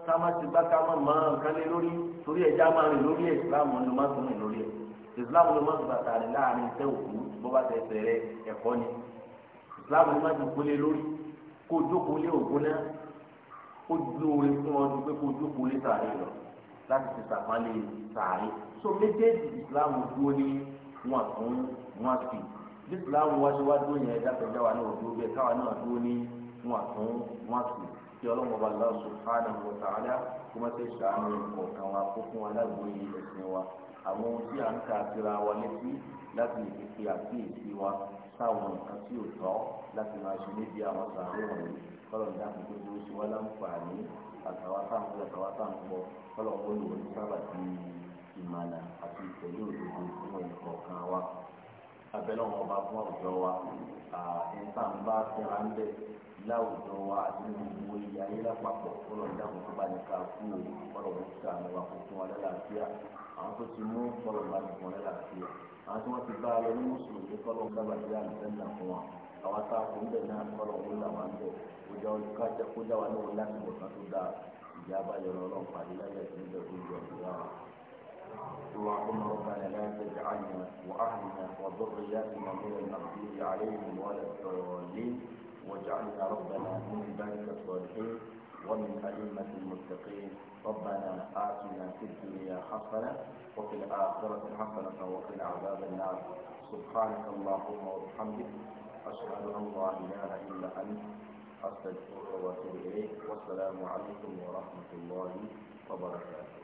ká máa ti bá ká máa mọ nǹkan lé lórí torí ẹja máa rìn lórí ẹ̀ ìsìláàmù ló máa tún rìn lórí ẹ̀ ìsìláàmù ló máa tún bàtà rẹ̀ láàrin iṣẹ́ òkú bó bá tẹ̀ ẹsẹ̀ rẹ̀ ni ìsìláàmù ló máa tún kólé lórí kó jókòó lé òkú náà ó dúró fún ọdún pé kó jókòó lé sàárè lọ láti ti sàpálẹ̀ sàárè so méjèèjì Islam dúró ní wọn fún wọn sì bí islam wá síwájú yẹn dákẹ́jẹ́ wa náà dúró bẹ́ẹ̀ káwa náà dúró ní wọn tún wọn sì kí ọlọ́run ọba Allah subhanahu wa ta'ala kó má ṣe ṣàánú ọ̀kan wa kó fún wa lágbóyè ẹ̀sìn wa àwọn ohun tí a ń ka àtìra wa létí láti lè fi àkíyèsí wa sáwọn nǹkan tí ò tọ́ láti máa ṣe níbi àwọn sàárè wọ̀nyí kọ́lọ̀ ní àkókò tó ṣe wá láǹfààní àtàwọn táǹkù àtàwọn kọ́lọ̀ wọ́n lò wọ́n sábà abẹ́lẹ́ wọn bá fún àwùjọ wa nǹkan bá fẹ́ra ń bẹ̀ láwùjọ wa àti gbogbo ìyá ayé lápapọ̀ kọ́lọ̀ ìdáàbò tó bá ní ká kú o kọ́lọ̀ wọn ti sàmì wa kó fún wa lálàáfíà àwọn tó ti mú kọ́lọ̀ bá ní fún wa lálàáfíà àwọn tí wọ́n ti bá lọ ní mùsùlùmí kọ́lọ̀ sábà ní àlùfẹ́ náà fún wa àwọn tá a kò ń bẹ̀ náà kọ́lọ̀ wọn là wọn bẹ̀ kójá olùkájá wa ní wọn láti bọ̀ kan tó dáa ìyá abáyọ̀ lọ́lọ́ اللهم ربنا لا تجعلنا واهلنا وذرياتنا من المغضوب عليهم ولا الضالين واجعلنا ربنا من عبادك الصالحين ومن أئمة المتقين ربنا آتنا في الدنيا حسنة وفي الآخرة حسنة وقنا عذاب النار سبحانك اللهم وبحمدك أشهد أن لا إله إلا أنت أستغفرك وأتوب إليك والسلام عليكم ورحمة الله وبركاته